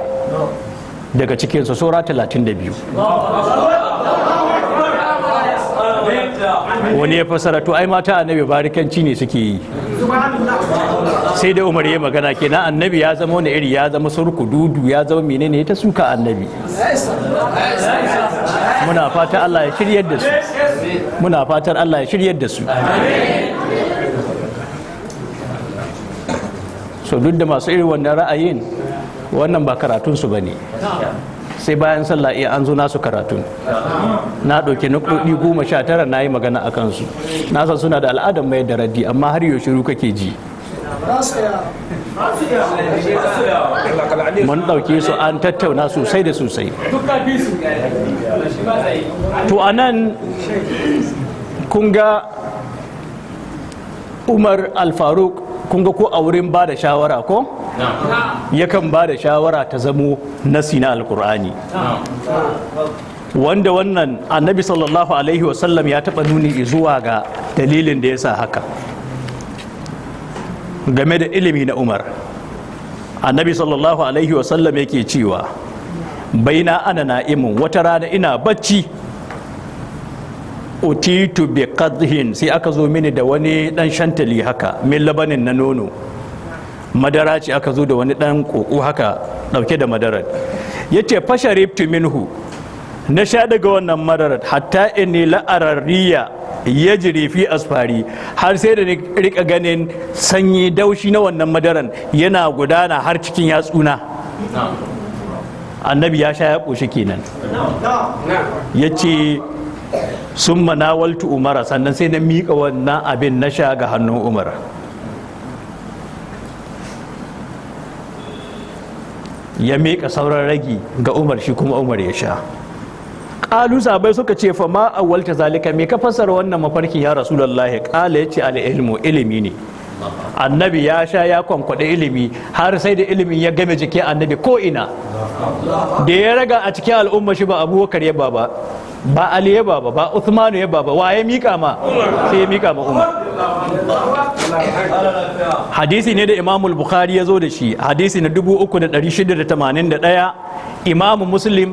daga cikinsu saura talatin da biyu wani ya fasara to ai mata annabi barikanci ne suke yi sai da umar ya magana ke na annabi ya zama wani iri ya zama surku dudu ya zama menene ta suka annabi muna fatan Allah ya shiryar da su muna fatan Allah ya shiryar da su so duk da masu irin wannan ra'ayin wannan ba karatunsu ba ne sai bayan sallah iya eh, an zo nasu karatu na ɗauki nukɗoɗi goma sha tara na yi magana a kansu na san suna da al'adar mai da raddi amma har yau shiru kake ji mun ɗauke su an tattauna sosai da sosai to a nan kun ga umar alfaruk kun ga ko a wurin ba da shawara ko yakan ba da shawara ta zamo nasi na alkur'ani wanda wannan annabi sallallahu alaihi wasallam ya taɓa nuni zuwa ga dalilin da ya sa haka game da ilimi na umar annabi sallallahu alaihi wasallam yake cewa baina ana na'imin wata rana ina bacci utitu bi qadhin sai aka zo mini da wani dan shantali haka min labanin na nono madara ce aka zo da wani dan koko haka dauke da madarar yace fasharibtu minhu na sha daga wannan madarar hatta inni la'arariya ya jiri fi asfari har sai da rika ganin sanyi daushi na wannan madaran yana gudana har cikin yatsuna annabi ya sha ya koshi kenan yace sun manawaltu umara sannan sai na miƙa wannan abin na sha ga hannun umara ya miƙa sauran ragi ga umar shi kuma umar ya sha ƙalu sabai suka ce fa ma awwalta zalika me ka fassara wannan mafarkin ya rasulullahi ƙala ya ce al'ilmu ilimi ne annabi ya sha ya kwankwaɗe ilimi har sai da ilimin ya game jiki annabi ko ina da ya raga a cikin al'umma shi ba abubakar ya ba ba ali ya baba ba usmanu ya baba wa ya mika ma sai ya mika ma umar hadisi ne da Imam al bukhari ya zo da shi hadisi na 3681 Imam muslim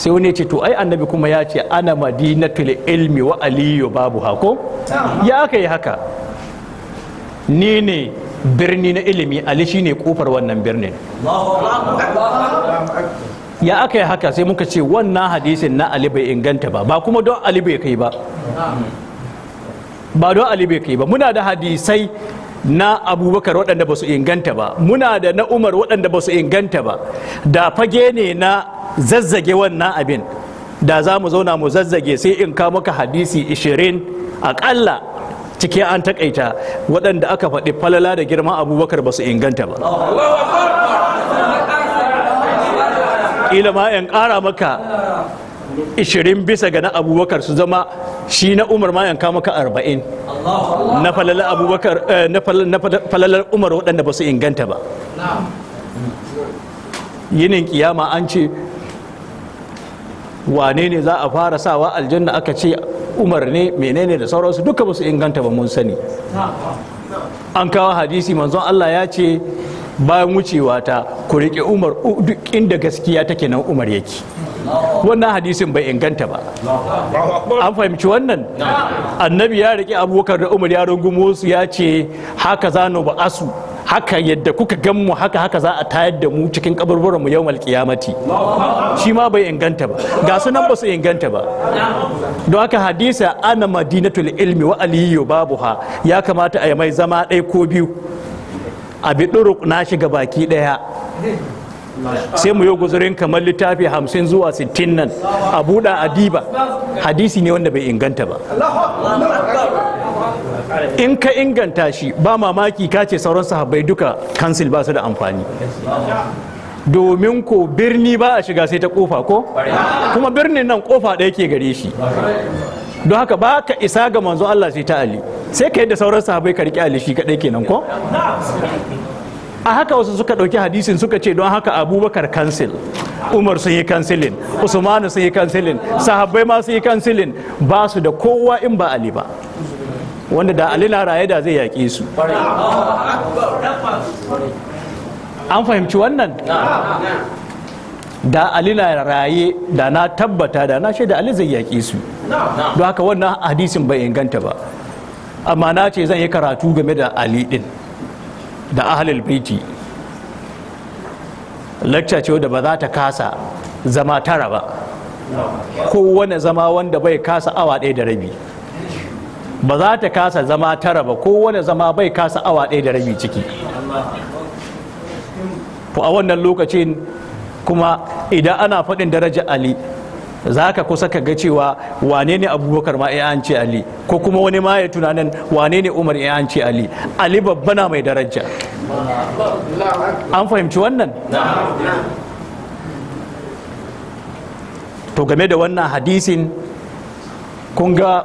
sai wani ya ce to ai annabi kuma ya ce ana madinatul ilmi wa aliyu babu hako ya aka yi haka ni ne birni na ilimi ali shine kofar wannan birnin ya aka yi haka sai muka ce wannan hadisin na ali bai inganta ba ba kuma don ali bai kai ba ba don ali bai kai ba muna da hadisai na abubakar waɗanda ba su inganta ba muna da na umar waɗanda ba su inganta ba da fage ne na zazzage wannan abin da za mu zauna mu zazzage sai in ka maka hadisi ishirin aƙalla cike an takaita waɗanda aka faɗi falala da girma abubakar ba su inganta ba ƙila ma in ƙara maka ishirin bisa ga na abubakar su zama shi na umar ma yanka maka arba'in na eh, falalar umar waɗanda ba su inganta ba yinin kiyama an ce wane ne za a fara sawa aljanna aka ce umar ne menene da sauransu duka ba su inganta ba mun sani an kawo hadisi manzon allah ya ce bayan wucewa ta ku riƙe umar duk inda gaskiya take nan umar yake wannan hadisin bai inganta ba an fahimci wannan annabi ya riƙe abubakar da umar ya rungumo su ya ce haka za ba asu haka yadda kuka gan mu haka haka za a tayar da mu cikin kaburburan mu yawmal alkiyamati shi ma bai inganta ba ga sunan nan ba su inganta ba don haka hadisa ana madinatul ilmi wa aliyu ha ya kamata a yi mai zama ɗaya ko biyu a bi na shiga baki ɗaya sai mu yi guzurin kamar littafi hamsin zuwa sittin nan a buɗa adiba hadisi ne wanda bai inganta ba in ka inganta shi ba mamaki ka ce sauran sahabbai duka kansil ba su da amfani domin ko birni ba a shiga sai ta kofa ko kuma birnin nan kofa ɗaya ke gare shi don haka ba ka isa ga manzo Allah sai ta Ali sai ka yadda sauran sahabbai ka riƙe Ali shi kaɗai kenan ko a haka wasu suka ɗauki hadisin suka ce don haka abubakar kansil umar sun yi kansilin usmanu sun yi kansilin sahabbai ma sun yi kansilin ba su da kowa in ba ali ba wanda da ali na raye da zai yaƙi su an fahimci wannan da ali na raye da na tabbata da na shaida ali zai yaƙi su don haka wannan hadisin bai inganta ba amma na ce zan yi karatu game da ali din da ahalil baiti lacca ce wadda ba za ta kasa zama tara ba kowane zama wanda bai kasa awa ɗaya da rabi ba za ta kasa zama tara ba ko kowane zama bai kasa awa ɗaya da rabi ciki a wannan lokacin kuma idan ana faɗin darajar ali za ka kusa ka ga cewa wane ne abubakar ma ya ce ali ko kuma wani ma ya tunanin wane ne umar ya ce ali ali na mai daraja an fahimci wannan to game da wannan hadisin kun ga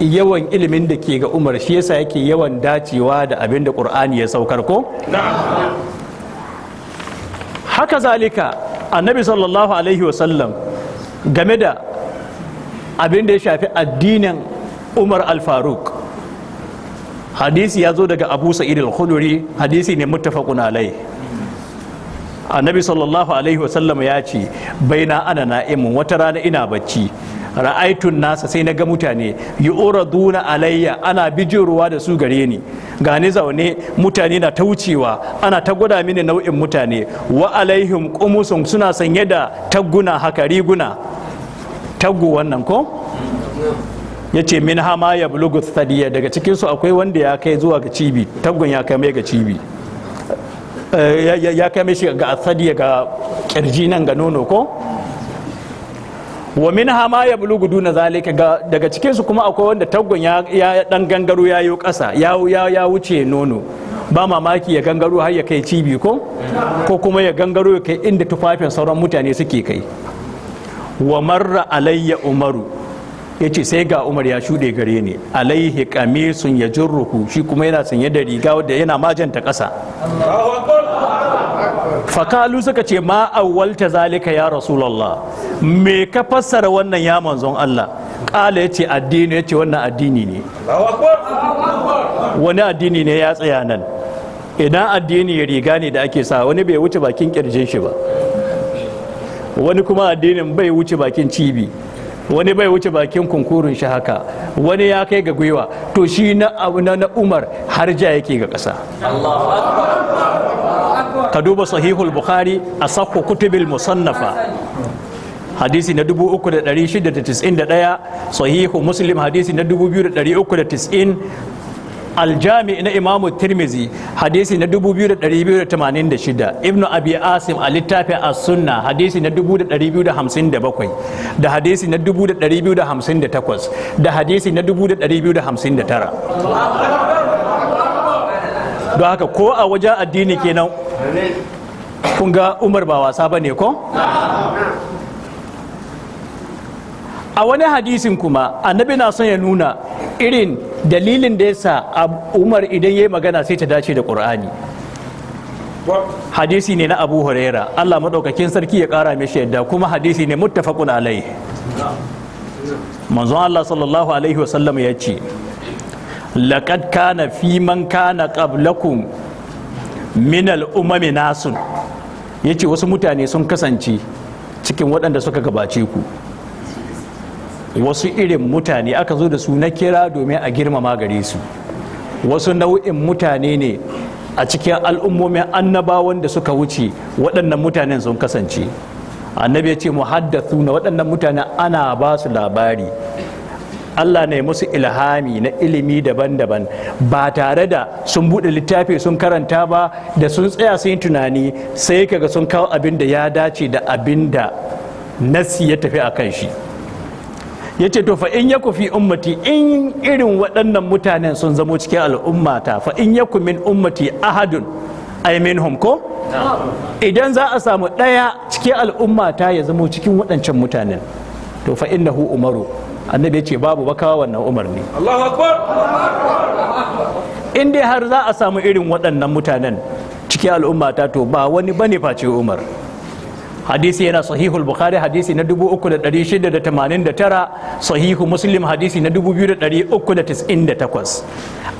yawan ilimin da ke ga umar shi yasa yake yawan dacewa da abin da ƙur'ani ya saukar ko haka zalika annabi sallallahu alaihi wasallam game da abin da ya shafi addinin umar al-faruk hadisi ya zo daga abu sa'id al-khuduri hadisi ne muttafaqun alai annabi sallallahu alaihi wasallam ya ce baina ana na'imun wata rana ina bacci ra'aitun nasa sai na ga mutane yi duna alayya ana ruwa da su gare ni gani zaune mutane na ta wucewa ana ta gwada mini nau'in mutane wa alaihim kumusun suna sanye da tagguna haka riguna taggu wannan ko ya ce min hama ya bulugu sadiya daga cikinsu akwai wanda ya kai zuwa ga cibi taggun ya kai mai ga cibi eh, ya kai mai shi ga sadiya ga kirji nan ga nono ko wa min hama ya bulugu na zalika daga cikinsu kuma akwai wanda taggon ya dan gangaro ya yi ƙasa ya wuce nono ba mamaki ya gangaro har ya kai cibi ko ko kuma ya gangaro ya kai inda tufafin sauran mutane suke kai wa marra alayya umaru ya ce sai ga umar ya shuɗe gare ni alaihi kamisun ya jirruhu shi kuma yana sanye da riga wadda yana majanta ƙasa fakalu suka ce ma awwalta zalika ya rasulullah me ka fassara wannan ya manzon Allah kala yace addini yace wannan addini ne wani addini ne ya tsaya nan idan addini ya riga ne da ake sa wani bai wuce bakin kirjin shi ba wani kuma addinin bai wuce bakin cibi wani bai wuce bakin kunkurin shi haka wani ya kai ga gwiwa to shi na na umar har ja yake ga ƙasa ka duba sahihul bukhari a sakko kutubil musannafa hadisi na 3691 sahihu muslim hadisi na 2390 aljami na imamu tirmizi hadisi na 2286 ibnu abi asim a littafin a sunna hadisi na 2257 da hadisi na 2258 da hadisi na 2259 don haka ko a wajen addini kenan kun ga umar ba wasa ba ne ko a wani hadisin kuma annabi na son ya nuna irin dalilin da ya sa umar idan ya yi magana sai ta dace da ƙur'ani hadisi ne na abu huraira allah maɗaukakin sarki ya ƙara mishi yadda kuma hadisi ne muttafaqun alai manzon allah sallallahu alaihi wasallam ya ce laƙad na fi man kana qablakum min al'umami nasun ya ce wasu mutane sun kasance cikin waɗanda suka gabace ku wasu irin mutane aka zo da su na kira domin a girmama gare su wasu nau'in mutane ne a cikin al'ummomin annabawan da suka wuce waɗannan mutanen sun kasance annabi ya ce muhaddathu na waɗannan mutane ana ba su labari Allah ne musu ilhami na ilimi daban-daban ba tare da sun buɗe littafi sun karanta ba da sun tsaya sun yi tunani sai kaga sun kawo abin da ya dace da abin da nasi ya tafi a kan shi ya ce to fa in yaku fi ummati in irin waɗannan mutanen sun zamo cikin al'ummata fa in yaku min ummati ahadun I minhum ko idan za a samu ɗaya cikin al'ummata ya zamo cikin waɗancan mutanen to fa innahu umaru annabi ya ce babu ba kawo wannan umarni in dai har za a samu irin waɗannan mutanen cikin al'umma ta to ba wani bane face Umar hadisi yana sahihul bukhari hadisi na 3689 sahihu muslim hadisi na 2398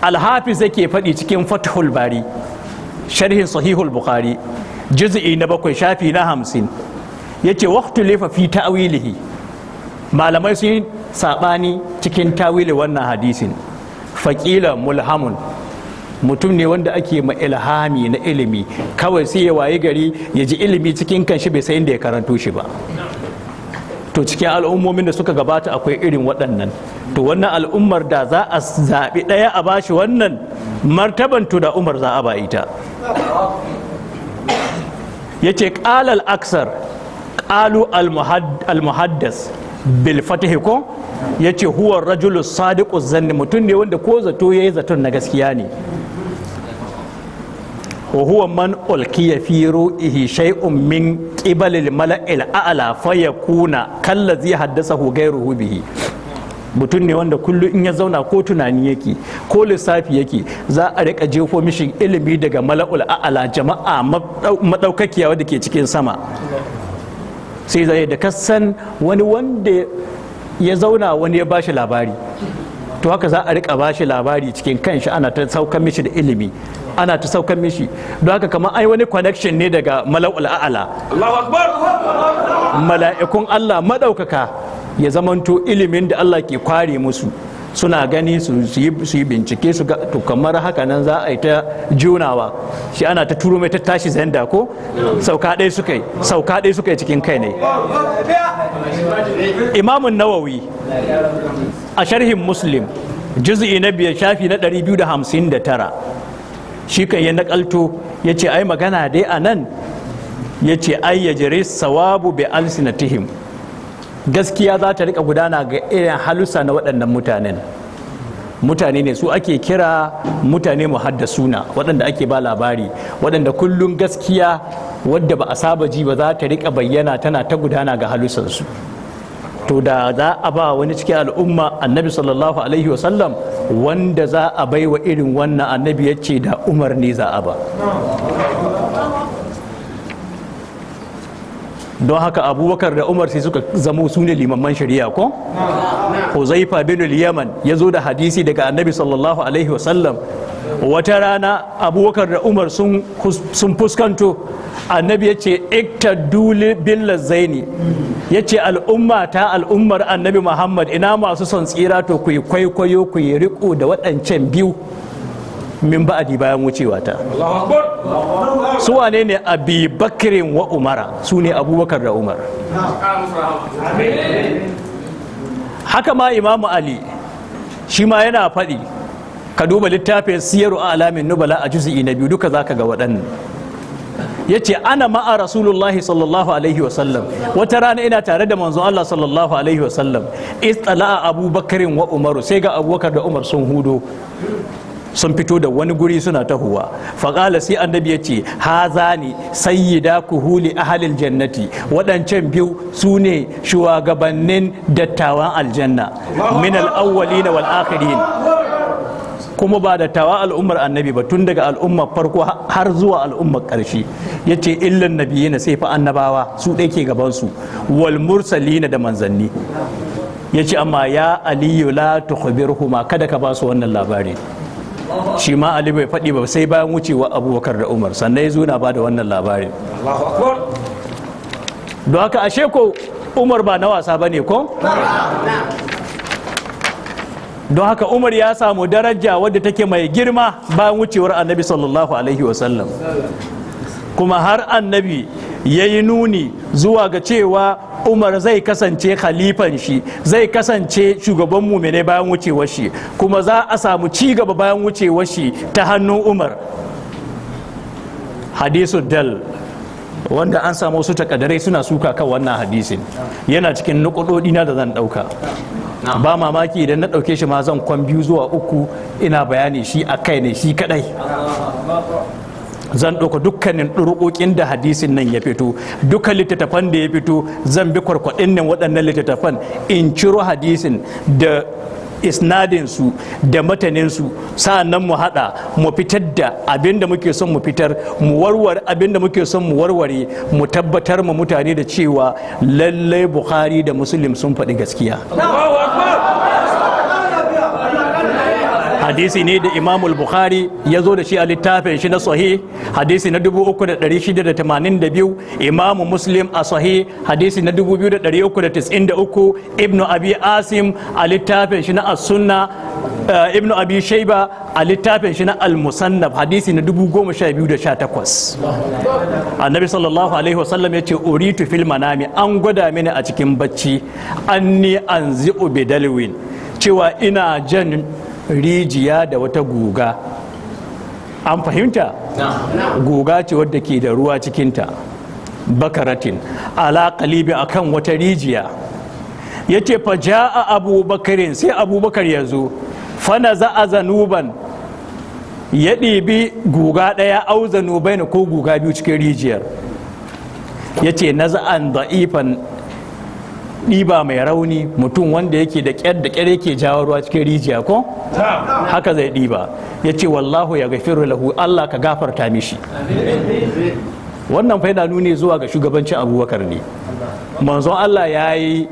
alhafiz yake faɗi cikin fathul bari sharhin sahihul bukhari juz'i na bakwai shafi na hamsin ya ce waktu lefa fi ta'wilihi malamai sun saɓani cikin tawili wannan hadisin faƙila mulhamun mutum ne wanda ake ma ilhami na ilimi kawai sai ya wayi gari ya ji ilimi cikin kanshi bai sayin da ya karanto shi ba to cikin al'ummomin da suka gabata akwai irin waɗannan to wannan al'ummar da za a zaɓi ɗaya a bashi wannan martaban to da umar za a ba ita ya ce ƙalal aksar ƙalu al-muhaddas bil ko ya yace huwa rajulu sadiqu zanni mutum ne wanda ko zato yayi zaton na gaskiya ne wa huwa man ulqiya fi ru'ihi shay'un min qibalil mala'il a'la fa yakuna kallazi haddathahu ghayruhu bihi mutum ne wanda kullum in ya zauna ko tunani yake ko lissafi yake za a rika jefo mishi ilimi daga mala'ul a'la jama'a madaukakiya wadda ke cikin sama sai zai da kasan wani wanda ya zauna wani ya bashi labari to haka za a rika bashi labari cikin kanshi ana ta saukan mishi da ilimi ana ta saukan mishi don haka kamar ai wani connection ne daga mala'ul a'ala mala'ikun Allah madaukaka ya zamanto ilimin da Allah ke kware musu suna gani su yi bincike su to kamar haka nan za a yi ta junawa shi ana ta turo mai ta tashi zanda ko sauka ɗaya suka yi sauka ɗaya suka yi cikin kai ne imamun nawawi a sharhin muslim juz'i na biyar shafi na 259 shi kan yi nakalto ya ce ai magana dai a nan ya ce ai ya jire sawabu bi alsinatihim gaskiya za ta rika gudana ga irin halusa na waɗannan mutanen mutane ne su ake kira mutane muhaddasuna waɗanda ake ba labari waɗanda kullum gaskiya wadda ba a saba ji ba za ta rika bayyana tana ta gudana ga halusansu to da za a ba wani cikin al'umma annabi sallallahu alaihi wasallam wanda za a baiwa irin wannan annabi ya ce da umar ne za a ba don haka abubakar da umar sai suka zamo su ne limamman shari'a ko huzaifa bin yaman ya zo da hadisi daga annabi sallallahu alaihi wasallam wata rana abubakar da umar sun fuskanto annabi ya ce iktaduli lazzaini ya ce al'umma ta al'ummar annabi muhammad ina masu son tsira to ku kwaikwayo ku yi riko da waɗancan biyu min ba'adi bayan wucewa ta su wane ne abi bakirin wa umara su ne abubakar da umar haka ma imamu ali shi ma yana faɗi ka duba littafin siyaru a alamin nubala a juzi'i na biyu duka zaka ga waɗannan ya ce ana ma'a rasulullahi sallallahu alaihi wasallam wata rana ina tare da manzo Allah sallallahu alaihi wasallam istala'a abubakarin wa umaru sai ga abubakar da umar sun hudu. sun fito da wani guri suna tahowa faƙala sai annabi ya ce haza ne sayyida kuhuli ahalil jannati waɗancan biyu su ne shugabannin dattawan aljanna min al'awwali na wal'akhirin kuma ba dattawan al'ummar annabi ba tun daga al'ummar farko har zuwa al'ummar ƙarshe ya ce illan nabiyina sai fa annabawa su ɗaya gabansu wal mursalina da manzanni ya ce amma ya aliyu la tukhbirhuma kada ka ba su wannan labari shi ma ali bai faɗi ba sai bayan wucewa abubakar da umar sannan ya zo na ba da wannan labarin don haka ashe ko umar ba na wasa ba ne ko don haka umar ya samu daraja wadda take mai girma bayan wucewar annabi sallallahu alaihi wasallam kuma har annabi ya yi nuni zuwa ga cewa umar zai kasance khalifan shi zai kasance shugaban mumine bayan wucewar shi kuma za a samu ci gaba bayan wucewar shi ta hannun umar hadisu dal wanda an samu wasu takadarai suna suka kan wannan hadisin yana cikin nukudodi na da zan dauka ba mamaki idan na dauke shi ma zan kwan biyu zuwa uku ina bayani shi a kai ne shi kadai zan ɗauka dukkanin ɗurƙoƙin da hadisin nan ya fito duka littattafan da ya fito zan bi kwarkwaɗin nan waɗannan littattafan in ciro hadisin da isnadinsu da mataninsu sa'annan mu haɗa mu fitar da abin da muke son mu fitar mu warware abin da muke son mu warware mu tabbatar ma mutane da cewa lallai bukhari da muslim sun faɗi gaskiya hadisi ne da Imam Bukhari ya zo da shi a littafin shi na sahih hadisi na 3682 Imam Muslim a sahih hadisi na 2393 Ibn Abi Asim a littafin shi na As-Sunna eh, Ibn Abi Shayba a littafin shi na Al-Musannaf hadisi na 10218 Annabi sallallahu alaihi wasallam ya ce uritu fil manami an gwada mini a cikin bacci anni anzi'u bidalwin cewa ina jan rijiya da wata guga an fahimta guga ce wadda ke da ruwa cikinta bakaratin ala kalibi akan wata rijiya ya ce fa a abubakarin sai abubakar ya zo fana za'a zanuban ya ɗibi guga ɗaya au zanubai ko guga biyu cikin rijiyar ya ce na za'an da'ifan ɗiba mai rauni mutum wanda yake da ƙyar da ƙyar yake jawo ruwa cikin rijiya ko haka zai ɗiba ya ce wallahu ya gafiru lahu allah ka gafarta mishi wannan faida nune zuwa ga shugabancin abubakar ne manzon allah ya yi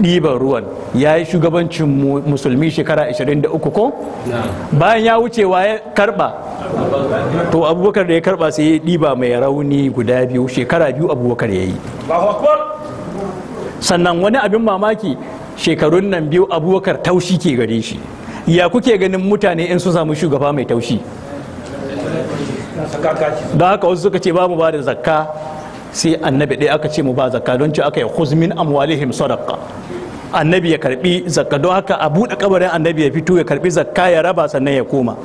ɗiban ruwan ya yi shugabancin musulmi shekara 23 ko bayan ya wucewa ya karba to abubakar da ya karɓa sai ya ɗiba mai rauni guda biyu shekara biyu abubakar ya yi sannan wani abin mamaki shekarun nan biyu abubakar taushi ke gare shi ya kuke ganin mutane in su samu shugaba mai taushi da haka wasu suka ce ba mu ba da zakka sai annabi ɗaya aka ce mu ba zakka don ce aka yi huzmin amwalihim sadaqa annabi ya karbi zakka don haka a buɗe kabarin annabi ya fito ya karbi zakka ya raba sannan ya koma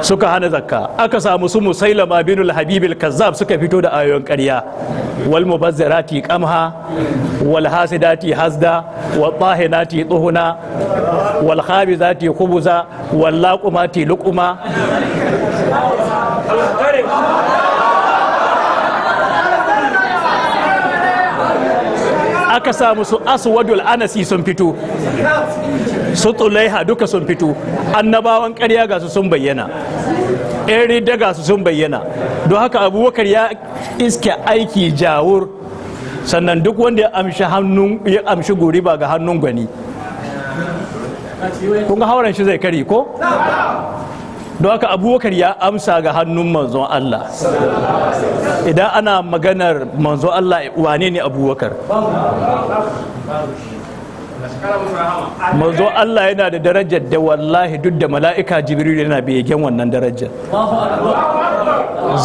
suka hana zakka aka samu su musailama bin habibil kazzab suka fito da ayoyin ƙarya wal mubazzirati qamha wal hasidati hasda wal tahinati tuhuna wal khabizati khubuza wal laqumati luquma aka samu su aswadul anasi sun fito su tsulaiha duka sun fito annabawan ƙarya ga su sun bayyana yan ridda ga su sun bayyana don haka abubakar ya iske aiki jawur sannan duk wanda ya amshi hannun ya amshi goriba ga hannun gwani kun ga hauren shi zai kari ko don haka abubakar ya amsa ga hannun manzon Allah idan ana maganar manzon Allah wane ne abubakar manzo Allah yana da darajar da wallahi duk da mala'ika jibril yana begen wannan darajar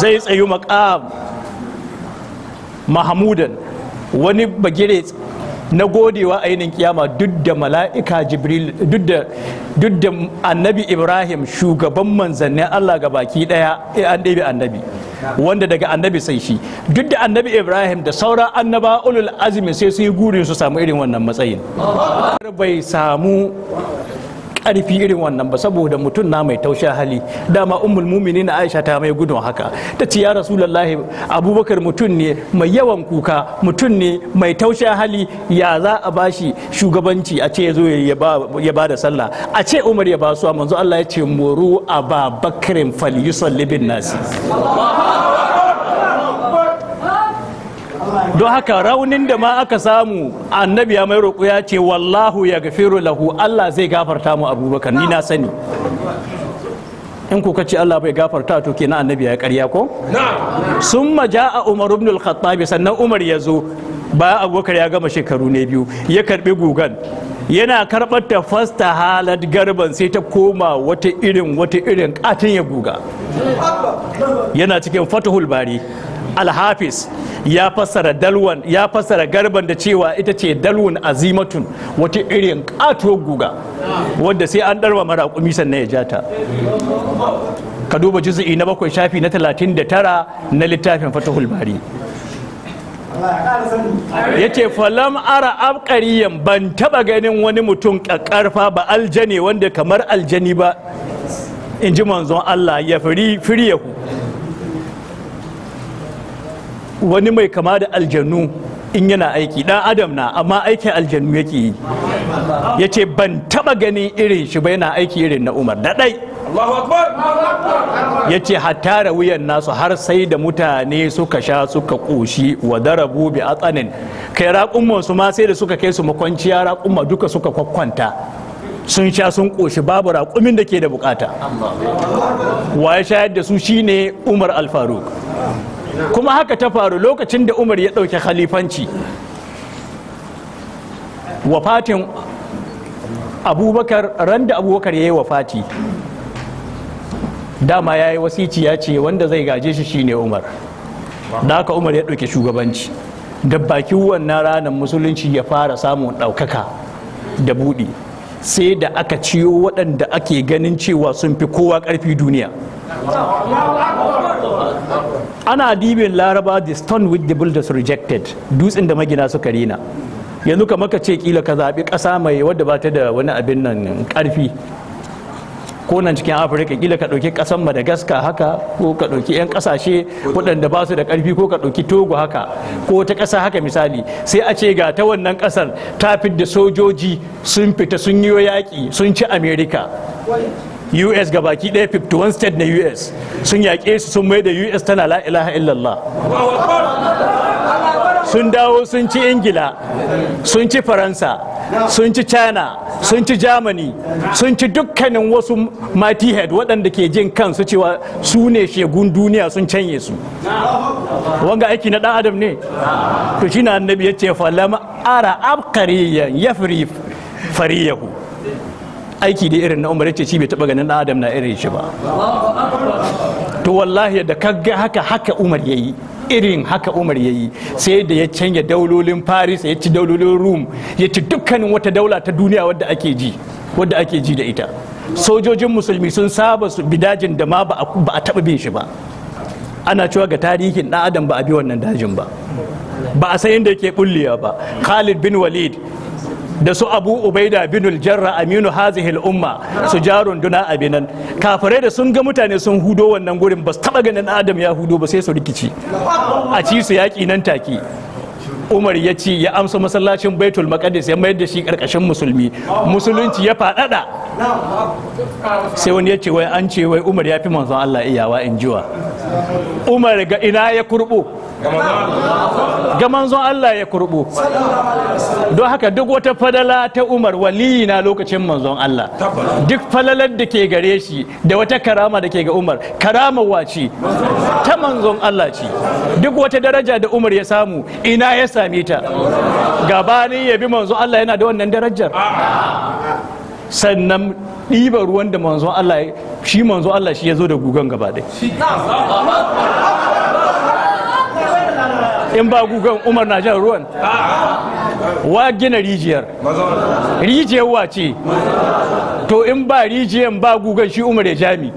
zai tsayu maqam mahamudan wani bagire na godewa a ainin kiyama duk da mala'ika jibril duk da annabi ibrahim shugaban manzannin allah ga baki daya eh, an ɗebe annabi wanda daga annabi sai shi duk da annabi ibrahim da sauran annaba ulul azumi sai su yi gurin su samu irin wannan matsayin bai samu karfi irin wannan ba saboda mutum na mai taushe hali dama ummul muminin aisha ta mai gudun haka ta ce ya rasulullahi abubakar mutum ne mai yawan kuka mutum ne mai taushe hali ya za a bashi shugabanci a ce ya zo ya ba da sallah a ce umar ya ba su manzo Allah ya ce muru aba bakrin fal nasi don haka raunin da ma aka samu annabi ya mai roƙo ya ce wallahu ya gafiru lahu Allah zai gafarta mu abubakar ni na sani in kuka ce Allah bai gafarta to kenan annabi ya karya ko sun a umar ibn al-khattab sannan umar ya zo ba abubakar ya gama shekaru ne biyu ya karbi gugan yana karɓar ta fasta halat garban sai ta koma wata irin wata irin katin ya guga yana cikin fatahul bari alhafis ya fassara dalwan ya fassara garban da cewa ita ce dalwun azimatun wata irin katuwar guga wadda sai an darwa maraƙumi sannan ya jata ka duba juzu'i na bakwai shafi na talatin da tara na littafin fatahul bari ya ce falam ara abkariyan ban taba ganin wani mutum kakarfa ba aljani wanda kamar aljani ba in ji manzon allah ya firi firiyahu wani mai kama da aljanu in yana aiki dan adam na amma aikin aljannu yake yi ya ce ban taba ganin irin shi ba yana aiki irin na umar da ɗai ya ce hatta wuyan nasu har sai da mutane suka sha suka ƙoshi wa darabu bi atsanin kai raƙumman su ma sai da suka kai su makwanciya raƙumma duka suka kwakwanta sun sha sun ƙoshi babu raƙumin da ke da bukata wa ya shayar da su shine umar alfaruk kuma haka ta faru lokacin da umar ya ɗauki khalifanci wafatin abubakar ran da abubakar ya yi wafati dama ya yi wasici ya ce wanda zai gaje shi shine umar da haka umar ya ɗauki shugabanci da bakin wannan ranar musulunci ya fara samun ɗaukaka da buɗi sai da aka ciyo waɗanda ake ganin cewa sun fi kowa ƙarfi duniya ana dibin laraba the stone with the builders rejected dutsen da magina suka rina yanzu kamar ka ce kila ka zaɓi ƙasa mai wadda ba ta da wani abin nan ƙarfi ko nan cikin afirka kila ka ɗauki ƙasan madagascar haka ko ka ɗauki 'yan ƙasashe waɗanda ba su da ƙarfi ko ka ɗauki togo haka ko ta ƙasa haka misali sai a ce ga ta wannan ƙasar ta da sojoji sun fita sun yi yaƙi sun ci amerika us ga baki ɗaya 51 state na us sun yaƙe su sun mai da us tana la ilaha illallah sun dawo sun ci ingila sun ci faransa sun ci china sun ci germany sun ci dukkanin wasu mighty head waɗanda ke jin kansu cewa su ne shegun duniya sun canye su wanga aiki na ɗan adam ne to shi na annabi ya ce falama ara abkariyan ya fariyahu aiki da irin na umar yace shi bai taba ganin dan adam na irin shi ba to wallahi da kaga haka haka umar yayi irin haka umar ya sai da ya canja daulolin paris ya ci daulolin rum ya ci dukkanin wata daula ta duniya wadda ake ji wadda ake ji da ita sojojin musulmi sun saba su bidajin da ma ba a taba bin shi ba ana cewa ga tarihin dan adam ba a bi wannan dajin ba ba a san inda yake bulliya ba khalid bin walid da su abu ubaida bin jarra aminu hazihi umma su ja runduna a binan kafirai da sun ga mutane sun hudo wannan gurin ba su taba ganin adam ya hudo ba sai su rikici a ci su yaƙi nan take umar ya ci ya amsa masallacin baitul maqdis ya mayar da shi karkashin musulmi musulunci ya faɗaɗa sai wani ya ce wai an ce wai umar ya fi manzon allah iyawa in jiwa umar ga ina ya kurbo ga manzon Allah ya kurbo don haka duk wata falala ta umar waliyi na lokacin manzon Allah duk falalar da ke gare shi da wata karama da ke ga umar karama wace ta manzon Allah ce duk wata daraja da umar ya samu ina ya same ta gabanin ya bi manzon Allah yana da wannan darajar sannan ɗiba ruwan da manzon Allah shi manzon Allah shi ya zo da gugan gaba in ba gugan umar na jan ruwan wa gina rijiyar rijiyar wace to in ba rijiyar ba gugan shi umar ya jami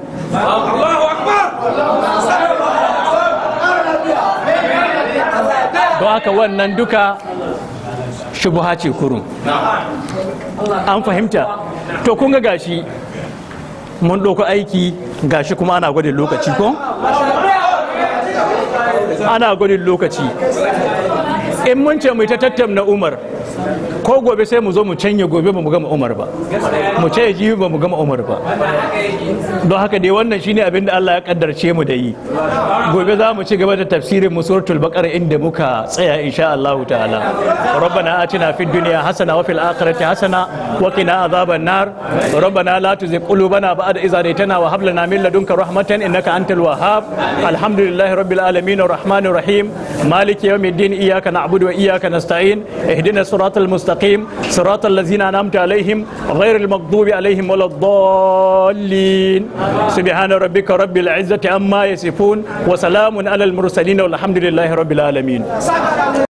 don haka wannan duka shubuha ce kurun an fahimta to kun ga gashi mun ɗauko aiki gashi kuma ana gwadin lokaci ko ana gwadin lokaci in mun ce mai ta tattauna umar ko gobe sai mu zo mu canye gobe ba mu gama umar ba mu ce ji ba mu gama umar ba don haka dai wannan shine abin da Allah ya kaddarce mu da yi gobe za mu ci gaba da tafsirin mu suratul baqara inda muka tsaya insha Allah ta'ala rabbana atina fid dunya hasana wa fil akhirati hasana wa qina adhaban nar rabbana la tuzigh qulubana ba'da idh hadaytana wa hab lana min ladunka rahmatan innaka antal wahhab alhamdulillahi rabbil alamin arrahmanir rahim maliki yawmiddin iyyaka na'budu wa iyyaka nasta'in ihdinas siratal mustaqim المستقيم صراط الذين أنعمت عليهم غير المغضوب عليهم ولا الضالين سبحان ربك رب العزة عما يصفون وسلام على المرسلين والحمد لله رب العالمين